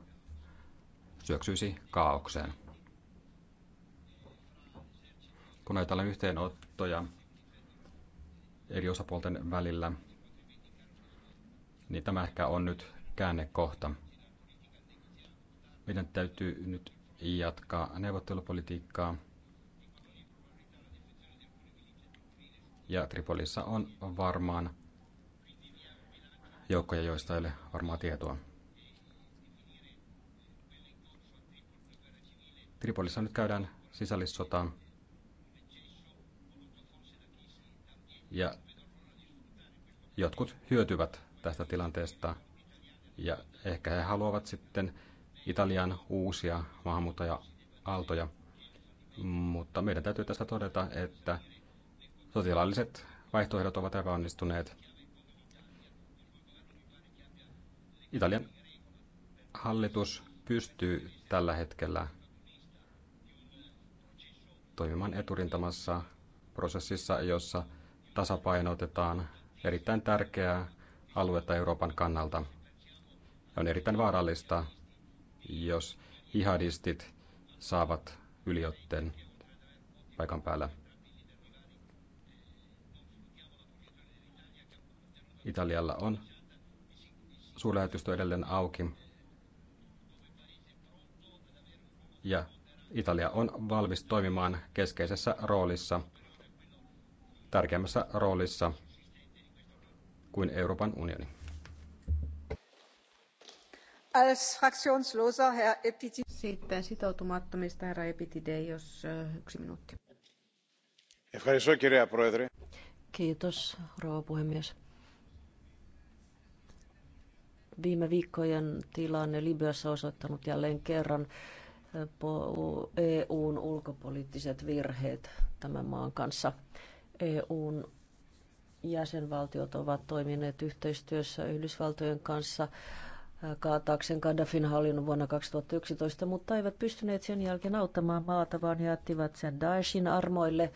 syöksyisi kaaukseen. Kun ajatellaan yhteenottoja eri osapuolten välillä, niin tämä ehkä on nyt käännekohta. Meidän täytyy nyt jatkaa neuvottelupolitiikkaa – ja Tripolissa on varmaan joukkoja, joista ei ole varmaa tietoa. Tripolissa nyt käydään sisällissotaa ja jotkut hyötyvät tästä tilanteesta ja ehkä he haluavat sitten Italian uusia maahanmuuttaja-aaltoja. Mutta meidän täytyy tästä todeta, että Sotilaalliset vaihtoehdot ovat epäonnistuneet. Italian hallitus pystyy tällä hetkellä toimimaan eturintamassa prosessissa, jossa tasapainotetaan erittäin tärkeää aluetta Euroopan kannalta. On erittäin vaarallista, jos jihadistit saavat yliotteen paikan päällä. Italialla on suurlähetystö edelleen auki. Ja Italia on valmis toimimaan keskeisessä roolissa, tärkeämmässä roolissa kuin Euroopan unioni. Sitten sitoutumattomista herra Epitide, jos yksi minuutti. Kiitos, rouva puhemies. Viime viikkojen tilanne Libyassa on osoittanut jälleen kerran eh, EUn ulkopoliittiset virheet tämän maan kanssa. EUn jäsenvaltiot ovat toimineet yhteistyössä Yhdysvaltojen kanssa eh, kaataakseen Gaddafin hallinnon vuonna 2011, mutta eivät pystyneet sen jälkeen auttamaan maata, vaan jättivät sen Daeshin armoille,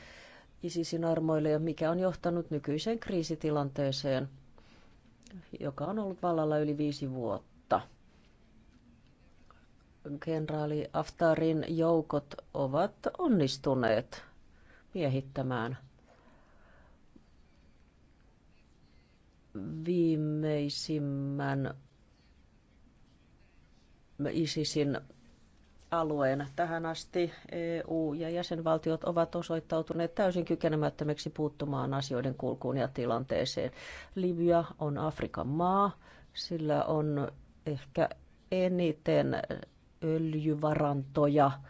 ISISin armoille, mikä on johtanut nykyiseen kriisitilanteeseen – joka on ollut vallalla yli viisi vuotta. Kenraali Aftarin joukot ovat onnistuneet miehittämään viimeisimmän ISISin alueen. Tähän asti EU ja jäsenvaltiot ovat osoittautuneet täysin kykenemättömiksi puuttumaan asioiden kulkuun ja tilanteeseen. Libya on Afrikan maa, sillä on ehkä eniten öljyvarantoja –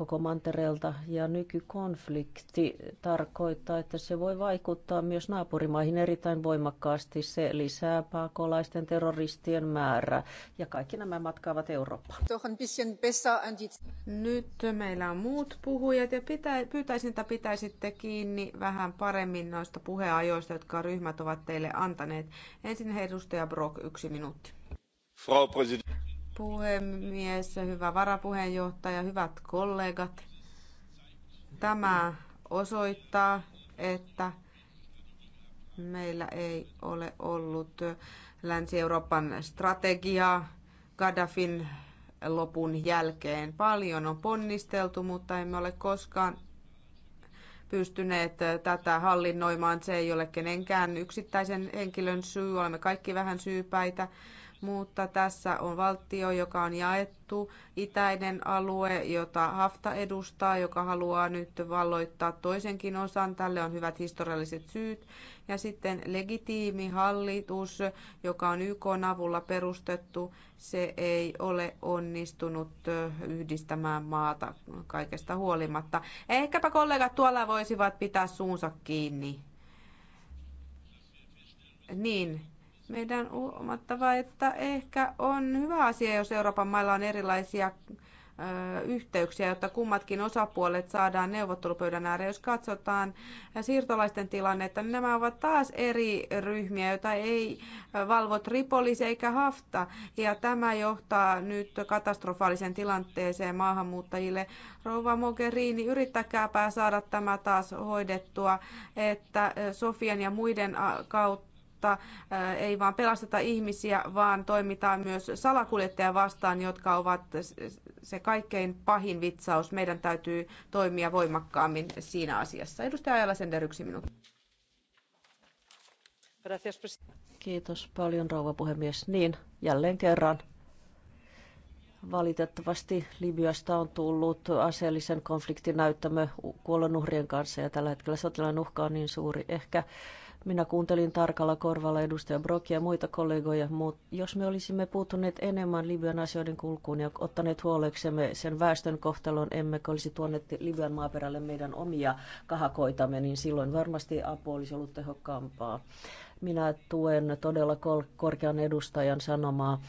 koko mantereelta ja nykykonflikti tarkoittaa, että se voi vaikuttaa myös naapurimaihin erittäin voimakkaasti. Se lisää pakolaisten terroristien määrää ja kaikki nämä matkaavat Eurooppaan. Nyt meillä on muut puhujat ja pitä, pyytäisin, että pitäisitte kiinni vähän paremmin noista puheajoista, jotka ryhmät ovat teille antaneet. Ensin edustaja Brock, yksi minuutti. Frau puhemies, hyvä varapuheenjohtaja, hyvät kollegat. Tämä osoittaa, että meillä ei ole ollut Länsi-Euroopan strategiaa Gaddafin lopun jälkeen. Paljon on ponnisteltu, mutta emme ole koskaan pystyneet tätä hallinnoimaan. Se ei ole kenenkään yksittäisen henkilön syy, olemme kaikki vähän syypäitä mutta tässä on valtio, joka on jaettu, itäinen alue, jota Hafta edustaa, joka haluaa nyt valloittaa toisenkin osan. Tälle on hyvät historialliset syyt. Ja sitten legitiimi hallitus, joka on YK avulla perustettu, se ei ole onnistunut yhdistämään maata kaikesta huolimatta. Ehkäpä kollegat tuolla voisivat pitää suunsa kiinni. Niin, meidän huomattava, että ehkä on hyvä asia, jos Euroopan mailla on erilaisia yhteyksiä, jotta kummatkin osapuolet saadaan neuvottelupöydän ääreen. Jos katsotaan äh, siirtolaisten tilannetta, niin nämä ovat taas eri ryhmiä, joita ei äh, valvo Tripolis eikä Hafta. Ja tämä johtaa nyt katastrofaalisen tilanteeseen maahanmuuttajille. Rouva Mogherini, yrittäkääpä saada tämä taas hoidettua, että äh, Sofian ja muiden kautta mutta ei vaan pelasteta ihmisiä, vaan toimitaan myös salakuljettajia vastaan, jotka ovat se kaikkein pahin vitsaus. Meidän täytyy toimia voimakkaammin siinä asiassa. Edustaja Ajala-Sender, yksi minuutti. Kiitos paljon, rouva puhemies. Niin, jälleen kerran Valitettavasti Libyasta on tullut aseellisen konfliktin näyttämö kuolonuhrien kanssa ja tällä hetkellä sotilaan uhka on niin suuri. Ehkä minä kuuntelin tarkalla korvalla edustaja Brokia ja muita kollegoja, mutta jos me olisimme puuttuneet enemmän Libyan asioiden kulkuun ja ottaneet huoleksemme sen väestön kohtalon, emme olisi tuoneet Libyan maaperälle meidän omia kahakoitamme, niin silloin varmasti apu olisi ollut tehokkaampaa. Minä tuen todella korkean edustajan sanomaa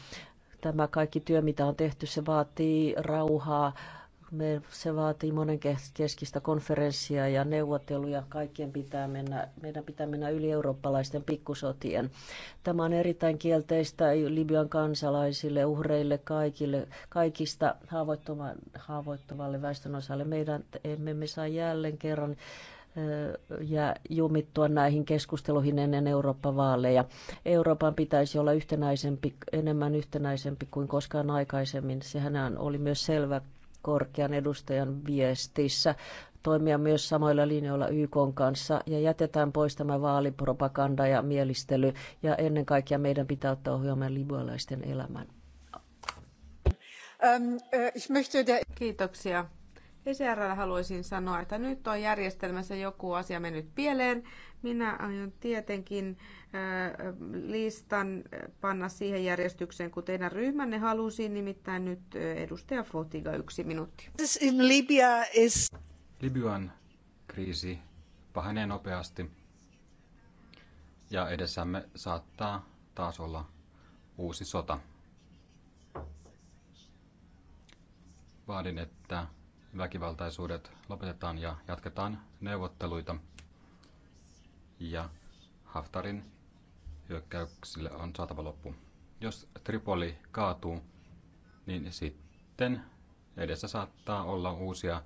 Tämä kaikki työ, mitä on tehty, se vaatii rauhaa, me, se vaatii monenkeskistä konferenssia ja neuvotteluja. Kaikkien pitää mennä, meidän pitää mennä yli eurooppalaisten pikkusotien. Tämä on erittäin kielteistä Libyan kansalaisille, uhreille, kaikille, kaikista haavoittuvalle väestönosalle. Meidän emme me saa jälleen kerran ja jumittua näihin keskusteluihin ennen Euroopan vaaleja. Euroopan pitäisi olla yhtenäisempi, enemmän yhtenäisempi kuin koskaan aikaisemmin. Sehän oli myös selvä korkean edustajan viestissä toimia myös samoilla linjoilla YK kanssa ja jätetään pois tämä vaalipropaganda ja mielistely ja ennen kaikkea meidän pitää ottaa huomioon libyalaisten elämän. Ähm, äh, Kiitoksia. ECRllä haluaisin sanoa, että nyt on järjestelmässä joku asia mennyt pieleen. Minä aion tietenkin äh, listan äh, panna siihen järjestykseen, kun teidän ryhmänne halusi, nimittäin nyt äh, edustaja Fotiga yksi minuutti. In Libya is... Libyan kriisi pahenee nopeasti ja edessämme saattaa taas olla uusi sota. Vaadin, että väkivaltaisuudet lopetetaan ja jatketaan neuvotteluita. Ja Haftarin hyökkäyksille on saatava loppu. Jos Tripoli kaatuu, niin sitten edessä saattaa olla uusia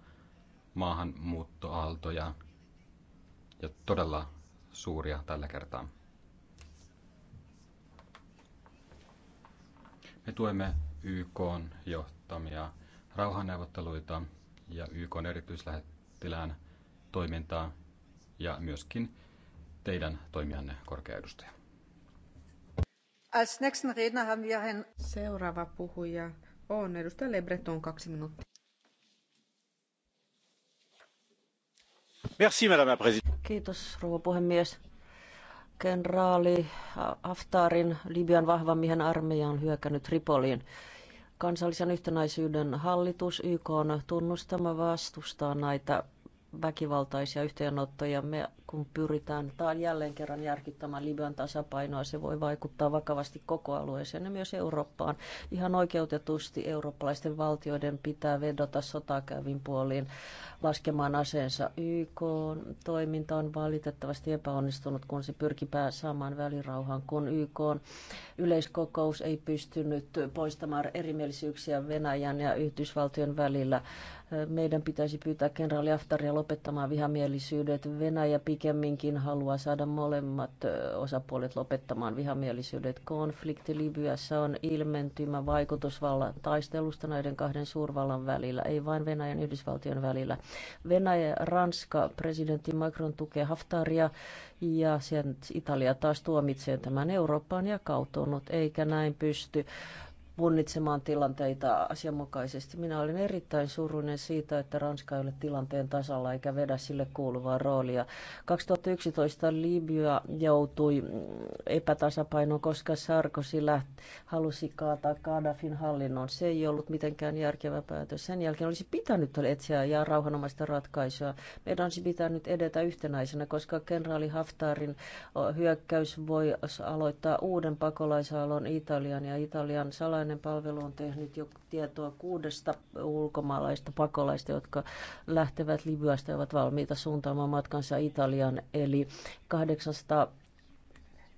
maahanmuuttoaaltoja ja todella suuria tällä kertaa. Me tuemme YK johtamia rauhanneuvotteluita ja YK on erityislähettilään toimintaa ja myöskin teidän toimianne korkea edustaja. Seuraava puhuja on edustaja Lebreton kaksi minuuttia. Merci, madame la Kiitos, rouva puhemies. Kenraali Haftarin Libyan vahvan miehen armeija on hyökännyt Tripoliin kansallisen yhtenäisyyden hallitus YK on tunnustama vastustaa näitä väkivaltaisia yhteenottoja. Me kun pyritään taas jälleen kerran järkittämään Libyan tasapainoa, se voi vaikuttaa vakavasti koko alueeseen ja myös Eurooppaan. Ihan oikeutetusti eurooppalaisten valtioiden pitää vedota sotaa puoliin laskemaan aseensa. YK toiminta on valitettavasti epäonnistunut, kun se pyrki saamaan välirauhan, kun YK yleiskokous ei pystynyt poistamaan erimielisyyksiä Venäjän ja Yhdysvaltojen välillä meidän pitäisi pyytää kenraali Aftaria lopettamaan vihamielisyydet. Venäjä pikemminkin haluaa saada molemmat osapuolet lopettamaan vihamielisyydet. Konflikti Libyassa on ilmentymä vaikutusvallan taistelusta näiden kahden suurvallan välillä, ei vain Venäjän Yhdysvaltion välillä. Venäjä Ranska presidentti Macron tukee Haftaria ja sen Italia taas tuomitsee tämän Eurooppaan jakautunut, eikä näin pysty punnitsemaan tilanteita asianmukaisesti. Minä olen erittäin surullinen siitä, että Ranska ei ole tilanteen tasalla eikä vedä sille kuuluvaa roolia. 2011 Libya joutui epätasapainoon, koska Sarkozy halusi kaataa Gaddafin hallinnon. Se ei ollut mitenkään järkevä päätös. Sen jälkeen olisi pitänyt etsiä ja rauhanomaista ratkaisua. Meidän olisi pitänyt edetä yhtenäisenä, koska kenraali Haftarin hyökkäys voi aloittaa uuden pakolaisaalon Italian ja Italian salainen Ulkoinen palvelu on tehnyt jo tietoa kuudesta ulkomaalaista pakolaista, jotka lähtevät Libyasta ja ovat valmiita suuntaamaan matkansa Italian. Eli 800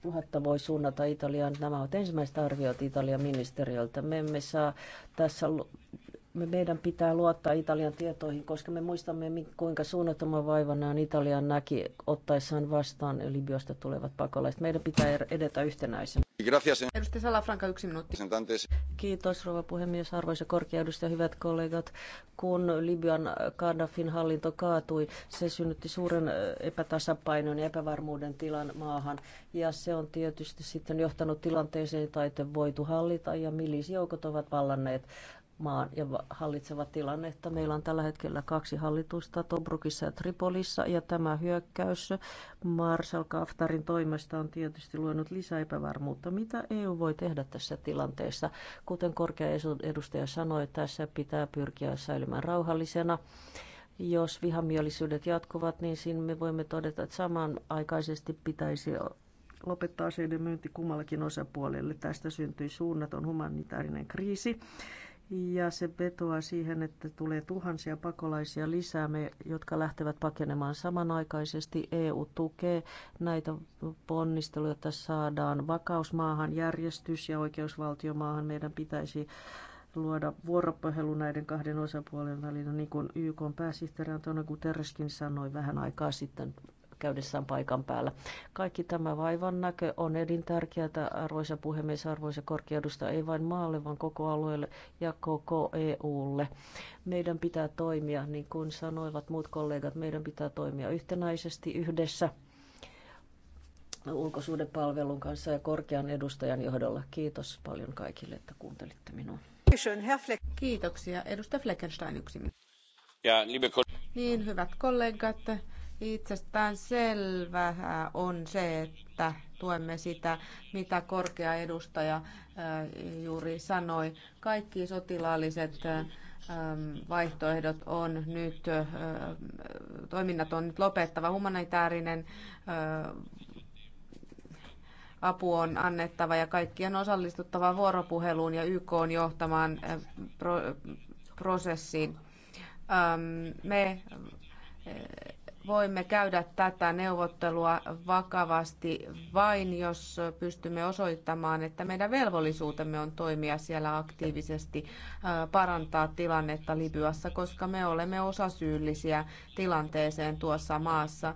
000 voi suunnata Italiaan. Nämä ovat ensimmäiset arviot Italian ministeriöltä. Me emme saa tässä me meidän pitää luottaa Italian tietoihin, koska me muistamme, kuinka suunnattoman vaivanaan Italian näki ottaessaan vastaan Libyasta tulevat pakolaiset. Meidän pitää er- edetä yhtenäisenä. Edustaja Kiitos rouva puhemies, arvoisa korkea edustaja, hyvät kollegat. Kun Libyan Gaddafin hallinto kaatui, se synnytti suuren epätasapainon ja epävarmuuden tilan maahan. Ja se on tietysti sitten johtanut tilanteeseen, jota ei voitu hallita ja milisjoukot ovat vallanneet maan ja hallitsevat tilannetta. Meillä on tällä hetkellä kaksi hallitusta, Tobrukissa ja Tripolissa, ja tämä hyökkäys Marshall Kaftarin toimesta on tietysti luonut lisäepävarmuutta. Mitä EU voi tehdä tässä tilanteessa? Kuten korkea edustaja sanoi, tässä pitää pyrkiä säilymään rauhallisena jos vihamielisyydet jatkuvat, niin siinä me voimme todeta, että samanaikaisesti pitäisi lopettaa aseiden myynti kummallakin osapuolelle. Tästä syntyi suunnaton humanitaarinen kriisi ja se vetoaa siihen, että tulee tuhansia pakolaisia lisää, me, jotka lähtevät pakenemaan samanaikaisesti. EU tukee näitä ponnisteluja, että saadaan vakausmaahan järjestys ja oikeusvaltiomaahan. Meidän pitäisi luoda vuoropuhelu näiden kahden osapuolen välillä, niin kuin YK pääsihteeri Antonio Guterreskin sanoi vähän aikaa sitten käydessään paikan päällä. Kaikki tämä vaivan näkö on elintärkeää, arvoisa puhemies, arvoisa korkeudusta, ei vain maalle, vaan koko alueelle ja koko EUlle. Meidän pitää toimia, niin kuin sanoivat muut kollegat, meidän pitää toimia yhtenäisesti yhdessä ulkosuudepalvelun kanssa ja korkean edustajan johdolla. Kiitos paljon kaikille, että kuuntelitte minua. Kiitoksia. Edustaja Fleckenstein yksi liebe... Niin, hyvät kollegat, Itsestään selvää äh, on se, että tuemme sitä, mitä korkea edustaja äh, juuri sanoi. Kaikki sotilaalliset äh, ähm, vaihtoehdot on nyt, toiminnat on nyt lopettava. Humanitaarinen apu on annettava ja kaikkien osallistuttava vuoropuheluun ja YK on johtamaan prosessiin. Ähm, me voimme käydä tätä neuvottelua vakavasti vain, jos pystymme osoittamaan, että meidän velvollisuutemme on toimia siellä aktiivisesti, äh, parantaa tilannetta Libyassa, koska me olemme osasyyllisiä tilanteeseen tuossa maassa.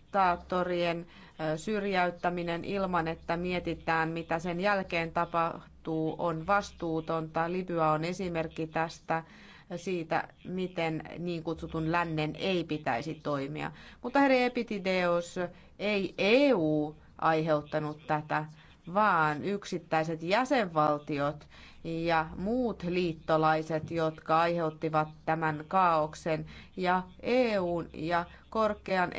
Diktaattorien äh, syrjäyttäminen ilman, että mietitään, mitä sen jälkeen tapahtuu, on vastuutonta. Libya on esimerkki tästä siitä, miten niin kutsutun lännen ei pitäisi toimia. Mutta herra Epitideos, ei EU aiheuttanut tätä, vaan yksittäiset jäsenvaltiot ja muut liittolaiset, jotka aiheuttivat tämän kaauksen ja EUn ja korkean